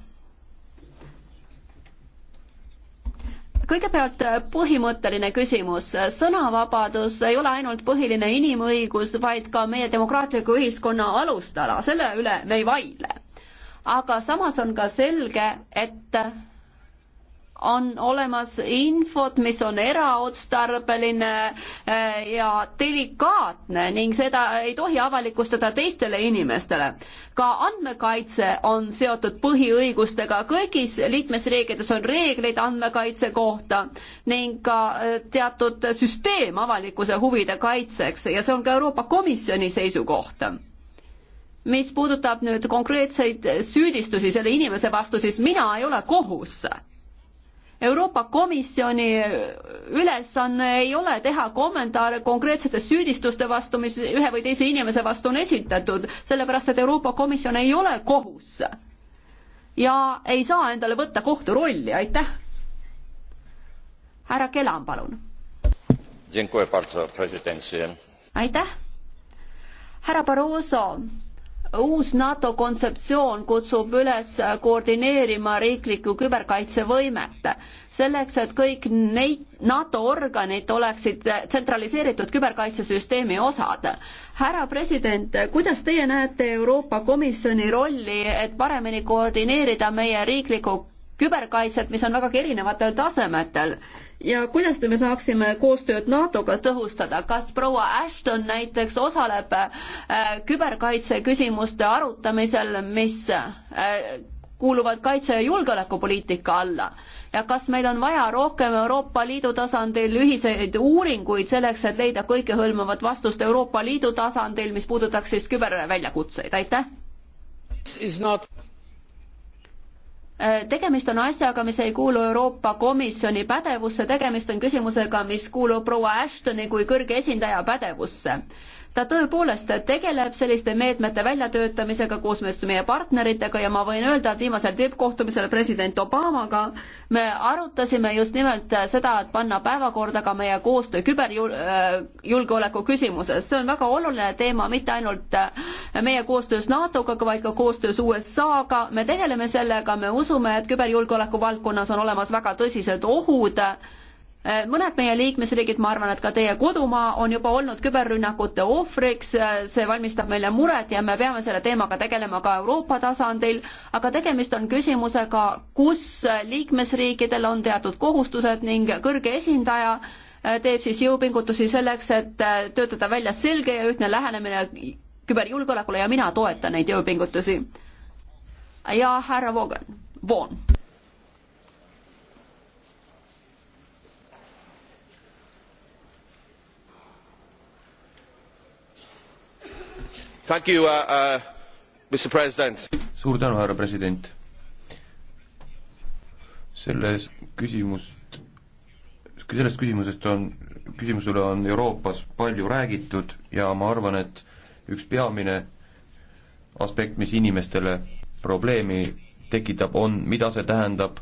kõigepealt äh, põhimõtteline küsimus. sõnavabadus ei ole ainult põhiline inimõigus, vaid ka meie demokraatliku ühiskonna alustala, selle üle me ei vaidle. aga samas on ka selge, et on olemas infot, mis on eraotstarbeline eh, ja delikaatne ning seda ei tohi avalikustada teistele inimestele. ka andmekaitse on seotud põhiõigustega, kõigis liikmesriikides on reegleid andmekaitse kohta ning ka eh, teatud süsteem avalikkuse huvide kaitseks ja see on ka Euroopa Komisjoni seisukoht mis puudutab nüüd konkreetseid süüdistusi selle inimese vastu, siis mina ei ole kohus Euroopa Komisjoni ülesanne ei ole teha kommentaare konkreetsete süüdistuste vastu, mis ühe või teise inimese vastu on esitatud, sellepärast et Euroopa Komisjon ei ole kohus. ja ei saa endale võtta kohtu rolli, aitäh. härra Kelam, palun. aitäh. härra Barroso uus NATO kontseptsioon kutsub üles koordineerima riiklikku küberkaitsevõimet selleks, et kõik neid NATO organid oleksid tsentraliseeritud küberkaitsesüsteemi osad. härra president, kuidas teie näete Euroopa Komisjoni rolli, et paremini koordineerida meie riiklikku küberkaitset, mis on vägagi erinevatel tasemetel? ja kuidas me saaksime koostööd NATO-ga tõhustada, kas proua Ashton näiteks osaleb äh, küberkaitse küsimuste arutamisel, mis äh, kuuluvad kaitse- ja julgeolekupoliitika alla ja kas meil on vaja rohkem Euroopa Liidu tasandil ühiseid uuringuid selleks, et leida kõikehõlmavat vastust Euroopa Liidu tasandil, mis puudutaks siis küberväljakutseid, aitäh! Not... Äh, tegemist on asjaga, mis ei kuulu Euroopa Komisjoni pädevusse, tegemist on küsimusega, mis kuulub proua Ashtoni kui kõrge esindaja pädevusse ta tõepoolest tegeleb selliste meetmete väljatöötamisega koosmeeles meie partneritega ja ma võin öelda, et viimasel tippkohtumisel president Obamaga me arutasime just nimelt seda, et panna päevakorda ka meie koostöö küberjulgeoleku äh, küsimuses. see on väga oluline teema mitte ainult äh, meie koostöös NATO-ga, vaid ka koostöös USA-ga. me tegeleme sellega, me usume, et küberjulgeoleku valdkonnas on olemas väga tõsised ohud Äh, mõned meie liikmesriigid, ma arvan, et ka teie kodumaa on juba olnud küberrünnakute ohvriks, äh, see valmistab meile muret ja me peame selle teemaga tegelema ka Euroopa tasandil, aga tegemist on küsimusega, kus äh, liikmesriikidel on teatud kohustused ning kõrge esindaja teeb siis jõupingutusi selleks, et töötada välja selge ja ühtne lähenemine küberjulgeolekule ja mina toetan neid jõupingutusi. ja härra Voogan, Voon Uh, uh, suur tänu, härra president. selles küsimust, sellest küsimusest on, küsimusele on Euroopas palju räägitud ja ma arvan, et üks peamine aspekt, mis inimestele probleemi tekitab, on, mida see tähendab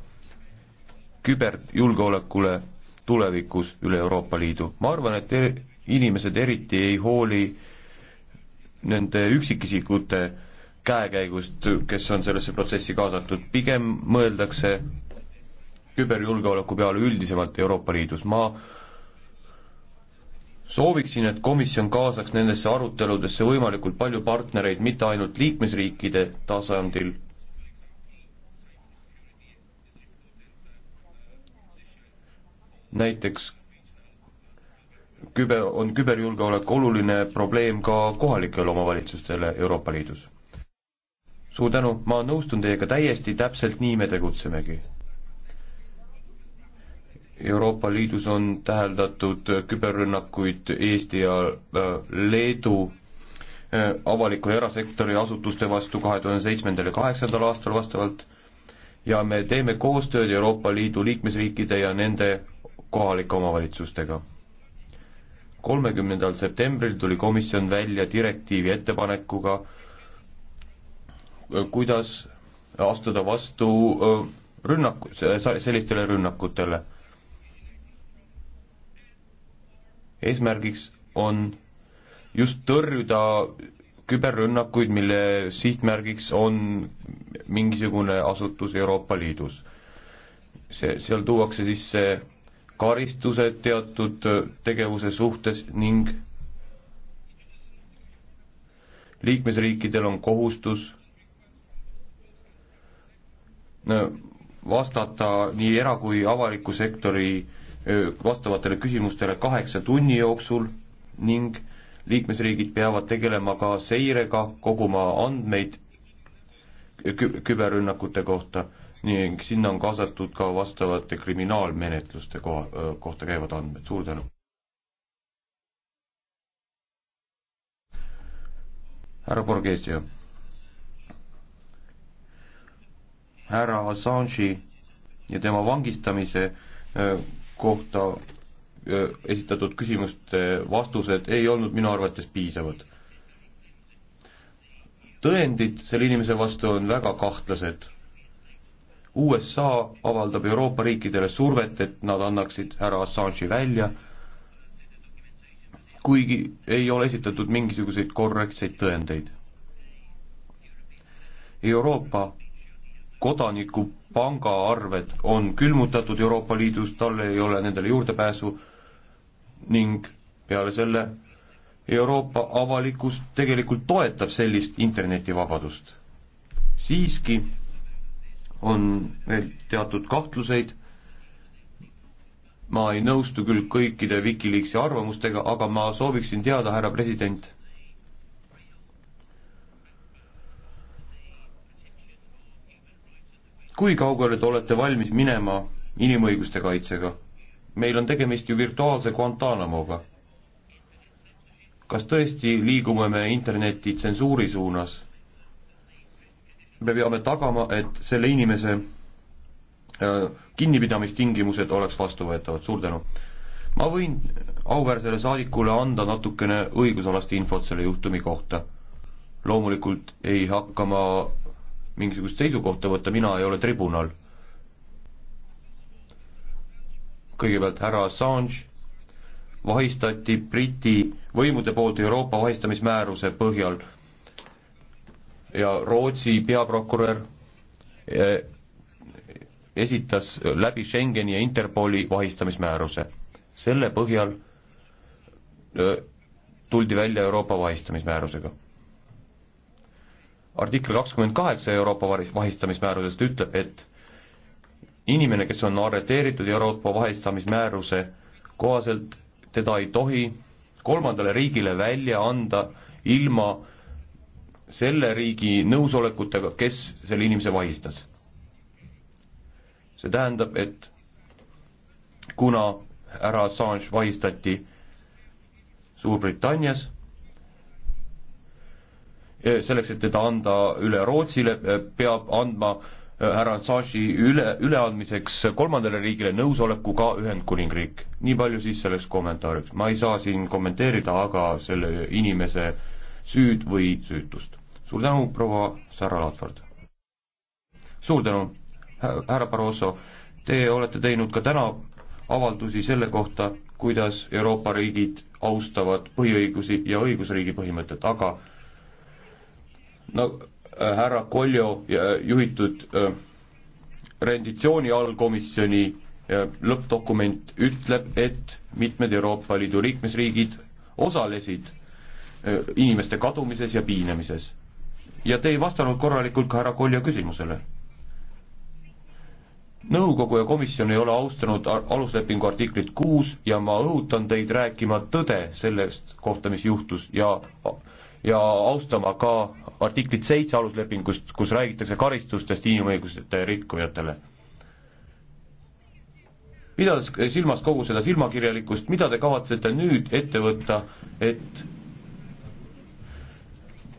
küberjulgeolekule tulevikus üle Euroopa Liidu. ma arvan, et er, inimesed eriti ei hooli nende üksikisikute käekäigust, kes on sellesse protsessi kaasatud, pigem mõeldakse küberjulgeoleku peale üldisemalt Euroopa Liidus, ma sooviksin, et komisjon kaasaks nendesse aruteludesse võimalikult palju partnereid, mitte ainult liikmesriikide tasandil, näiteks küber, on küberjulgeolek oluline probleem ka kohalikele omavalitsustele Euroopa Liidus. suur tänu, ma nõustun teiega täiesti, täpselt nii me tegutsemegi. Euroopa Liidus on täheldatud küberrünnakuid Eesti ja äh, Leedu äh, avaliku ja erasektori asutuste vastu kahe tuhande seitsmendal ja kaheksandal aastal vastavalt ja me teeme koostööd Euroopa Liidu liikmesriikide ja nende kohalike omavalitsustega kolmekümnendal septembril tuli komisjon välja direktiivi ettepanekuga, äh, kuidas astuda vastu äh, rünnak, sellistele rünnakutele. eesmärgiks on just tõrjuda küberrünnakuid, mille sihtmärgiks on mingisugune asutus Euroopa Liidus. see, seal tuuakse sisse karistused teatud äh, tegevuse suhtes ning liikmesriikidel on kohustus äh, vastata nii era- kui avaliku sektori äh, vastavatele küsimustele kaheksa tunni jooksul ning liikmesriigid peavad tegelema ka seirega, koguma andmeid kü-, küberrünnakute kohta ning sinna on kaasatud ka vastavate kriminaalmenetluste koha, kohta käivad andmed, suur tänu. härra Borgesio. härra Assange'i ja tema vangistamise kohta esitatud küsimuste vastused ei olnud minu arvates piisavad. tõendid selle inimese vastu on väga kahtlased USA avaldab Euroopa riikidele survet, et nad annaksid härra Assange'i välja, kuigi ei ole esitatud mingisuguseid korrektseid tõendeid. Euroopa kodanikupanga arved on külmutatud Euroopa Liidus, tal ei ole nendele juurdepääsu ning peale selle Euroopa avalikkus tegelikult toetab sellist internetivabadust. siiski on meil teatud kahtluseid, ma ei nõustu küll kõikide Wikileaksi arvamustega, aga ma sooviksin teada, härra president, kui kaugele te olete valmis minema inimõiguste kaitsega? meil on tegemist ju virtuaalse Guantanamoga. kas tõesti liigume me interneti tsensuuri suunas? me peame tagama, et selle inimese äh, kinnipidamistingimused oleks vastuvõetavad, suur tänu. ma võin auväärsele saadikule anda natukene õigusalast infot selle juhtumi kohta. loomulikult ei hakka ma mingisugust seisukohta võtta, mina ei ole tribunal. kõigepealt härra Assange vahistati Briti võimude poolt Euroopa vahistamismääruse põhjal ja Rootsi peaprokurör eh, esitas läbi Schengeni ja Interpoli vahistamismääruse. selle põhjal eh, tuldi välja Euroopa vahistamismäärusega. artikkel kakskümmend kaheksa Euroopa vahistamismäärusest ütleb, et inimene, kes on arreteeritud Euroopa vahistamismääruse kohaselt, teda ei tohi kolmandale riigile välja anda ilma selle riigi nõusolekutega, kes selle inimese vahistas. see tähendab, et kuna härra Assange vahistati Suurbritannias, e, selleks, et teda anda üle Rootsile, e, peab andma e, härra Assange'i üle, üleandmiseks kolmandale riigile nõusoleku ka Ühendkuningriik. nii palju siis selleks kommentaariks, ma ei saa siin kommenteerida aga selle inimese süüd või süütust suur tänu, proua Sarah Ladford. suur tänu, härra Barroso, te olete teinud ka täna avaldusi selle kohta, kuidas Euroopa riigid austavad põhiõigusi ja õigusriigi põhimõtet, aga no äh, härra Koljo äh, juhitud äh, renditsiooni allkomisjoni lõppdokument ütleb, et mitmed Euroopa Liidu liikmesriigid osalesid inimeste kadumises ja piinamises ja te ei vastanud korralikult ka härra Kolja küsimusele. nõukogu ja komisjon ei ole austanud aluslepingu artiklit kuus ja ma õhutan teid rääkima tõde sellest kohta, mis juhtus ja ja austama ka artiklit seitse aluslepingust, kus räägitakse karistustest inimõiguste rikkujatele. pidades silmas kogu seda silmakirjalikkust, mida te kavatsete nüüd ette võtta, et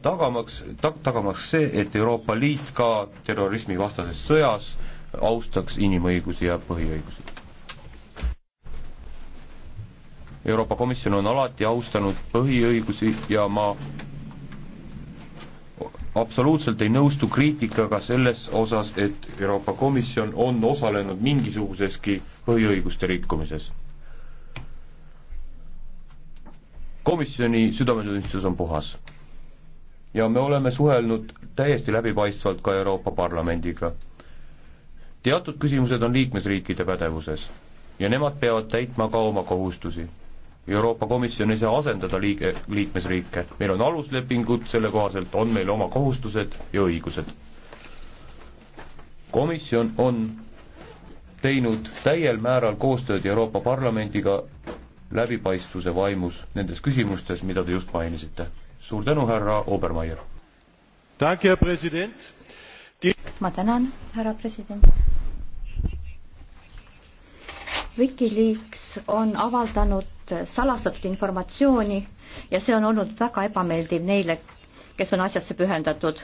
tagamaks ta,, tagamaks see, et Euroopa Liit ka terrorismivastases sõjas austaks inimõigusi ja põhiõigusi. Euroopa Komisjon on alati austanud põhiõigusi ja ma absoluutselt ei nõustu kriitikaga selles osas, et Euroopa Komisjon on osalenud mingisuguseski põhiõiguste rikkumises. komisjoni südametunnistus on puhas ja me oleme suhelnud täiesti läbipaistvalt ka Euroopa Parlamendiga. teatud küsimused on liikmesriikide pädevuses ja nemad peavad täitma ka oma kohustusi. Euroopa Komisjon ei saa asendada liige, liikmesriike, meil on aluslepingud, selle kohaselt on meil oma kohustused ja õigused. komisjon on teinud täiel määral koostööd Euroopa Parlamendiga läbipaistvuse vaimus nendes küsimustes, mida te just mainisite suur tänu, härra Obermeier! ma tänan, härra president! Wikileaks on avaldanud salastatud informatsiooni ja see on olnud väga ebameeldiv neile, kes on asjasse pühendatud.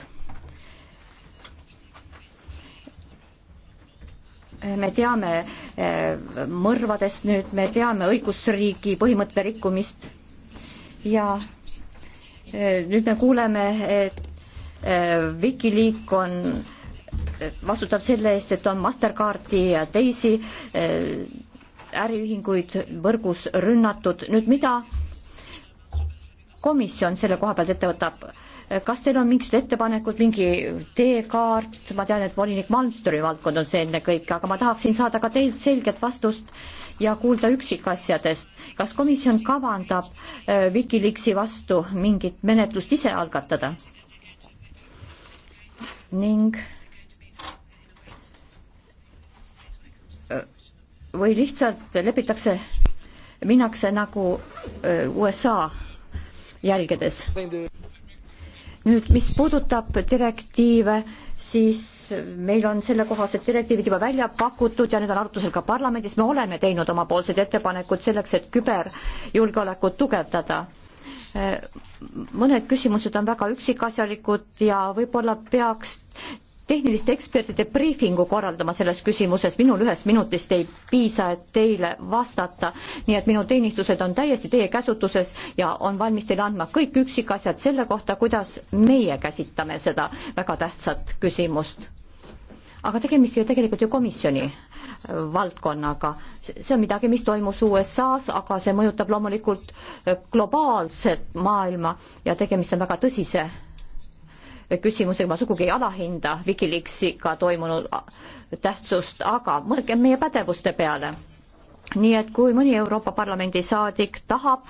me teame eh, mõrvadest nüüd, me teame õigusriigi põhimõtte rikkumist ja Eh, nüüd me kuuleme, et eh, Wikileak on, eh, vastutab selle eest, et on Mastercardi ja teisi äriühinguid võrgus rünnatud. nüüd mida komisjon selle koha pealt ette võtab? kas teil on mingisugused ettepanekud, mingi teekaart, ma tean, et volinik Malmströmi valdkond on see ennekõike, aga ma tahaksin saada ka teilt selget vastust äh, ja kuulda üksikasjadest. kas komisjon kavandab äh, Wikileaksi vastu mingit menetlust ise algatada? ning äh, või lihtsalt lepitakse, minnakse nagu äh, USA jälgedes. nüüd, mis puudutab direktiive, siis meil on sellekohased direktiivid juba välja pakutud ja need on arutusel ka parlamendis, me oleme teinud omapoolsed ettepanekud selleks, et küberjulgeolekut tugevdada. mõned küsimused on väga üksikasjalikud ja võib-olla peaks tehniliste ekspertide briifingu korraldama selles küsimuses, minul ühest minutist ei piisa, et teile vastata, nii et minu teenistused on täiesti teie käsutuses ja on valmis teile andma kõik üksikasjad selle kohta, kuidas meie käsitleme seda väga tähtsat küsimust aga tegemist ju tegelikult ju komisjoni valdkonnaga. see on midagi, mis toimus USA-s, aga see mõjutab loomulikult globaalset maailma ja tegemist on väga tõsise küsimusega, ma sugugi ei alahinda Wikileaksiga toimunud tähtsust, aga mõelgem meie pädevuste peale nii et kui mõni Euroopa Parlamendi saadik tahab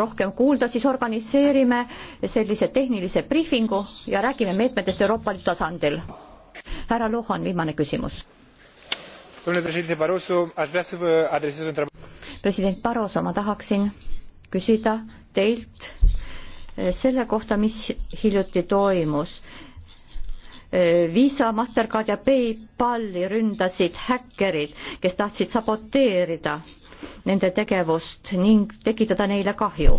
rohkem kuulda, siis organiseerime sellise tehnilise briifingu ja räägime meetmetest Euroopa Liidu tasandil. härra Luhan, viimane küsimus. president Barroso, ma tahaksin küsida teilt selle kohta, mis hiljuti toimus. Visa, Mastercard ja PayPali ründasid häkkerid, kes tahtsid saboteerida nende tegevust ning tekitada neile kahju.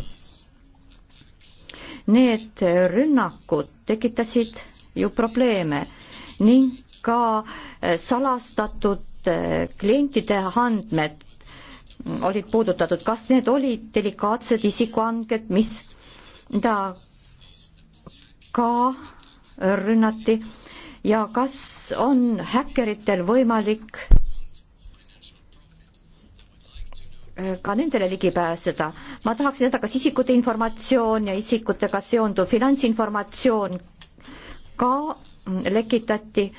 Need rünnakud tekitasid ju probleeme ning ka salastatud klientide andmed olid puudutatud, kas need olid delikaatsed isikuandmed, mis ta ka rünnati ja kas on häkkeritel võimalik äh, ka nendele ligi pääseda. ma tahaksin teada, kas isikute informatsioon ja isikutega seonduv finantsinformatsioon ka lekitati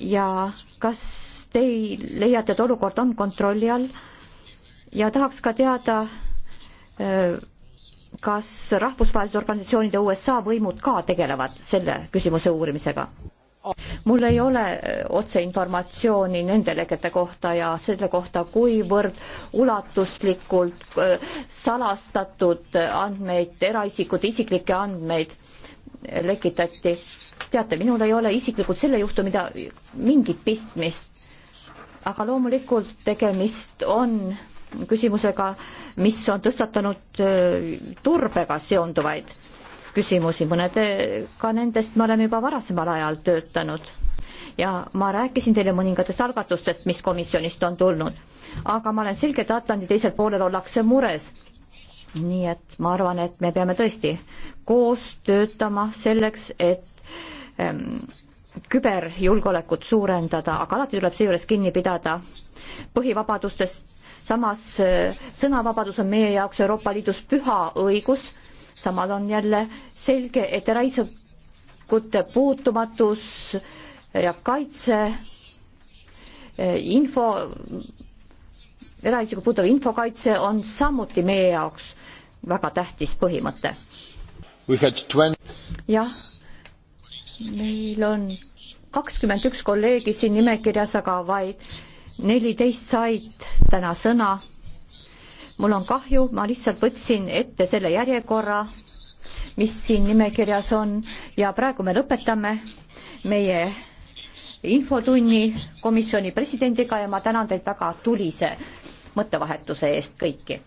ja kas teil leiate, et olukord on kontrolli all ja tahaks ka teada äh, kas rahvusvahelised organisatsioonid ja USA võimud ka tegelevad selle küsimuse uurimisega? mul ei ole äh, otseinformatsiooni nende lekete kohta ja selle kohta, kuivõrd ulatuslikult äh, salastatud andmeid, eraisikute isiklikke andmeid lekitati. teate, minul ei ole isiklikult selle juhtumiga mingit pistmist. aga loomulikult tegemist on küsimusega, mis on tõstatanud äh, turbega seonduvaid küsimusi, mõnedega nendest me oleme juba varasemal ajal töötanud. ja ma rääkisin teile mõningatest algatustest, mis komisjonist on tulnud. aga ma olen selge, et Atlandi teisel poolel ollakse mures. nii et ma arvan, et me peame tõesti koos töötama selleks, et ähm, küberjulgeolekut suurendada, aga alati tuleb seejuures kinni pidada põhivabadustest. samas eh, sõnavabadus on meie jaoks Euroopa Liidus püha õigus, samal on jälle selge, et eraisikute puutumatus ja kaitse, eh, info, eraisiku puutuv infokaitse on samuti meie jaoks väga tähtis põhimõte. jah, meil on kakskümmend üks kolleegi siin nimekirjas, aga vaid neliteist said täna sõna. mul on kahju, ma lihtsalt võtsin ette selle järjekorra, mis siin nimekirjas on ja praegu me lõpetame meie infotunni komisjoni presidendiga ja ma tänan teid väga tulise mõttevahetuse eest kõiki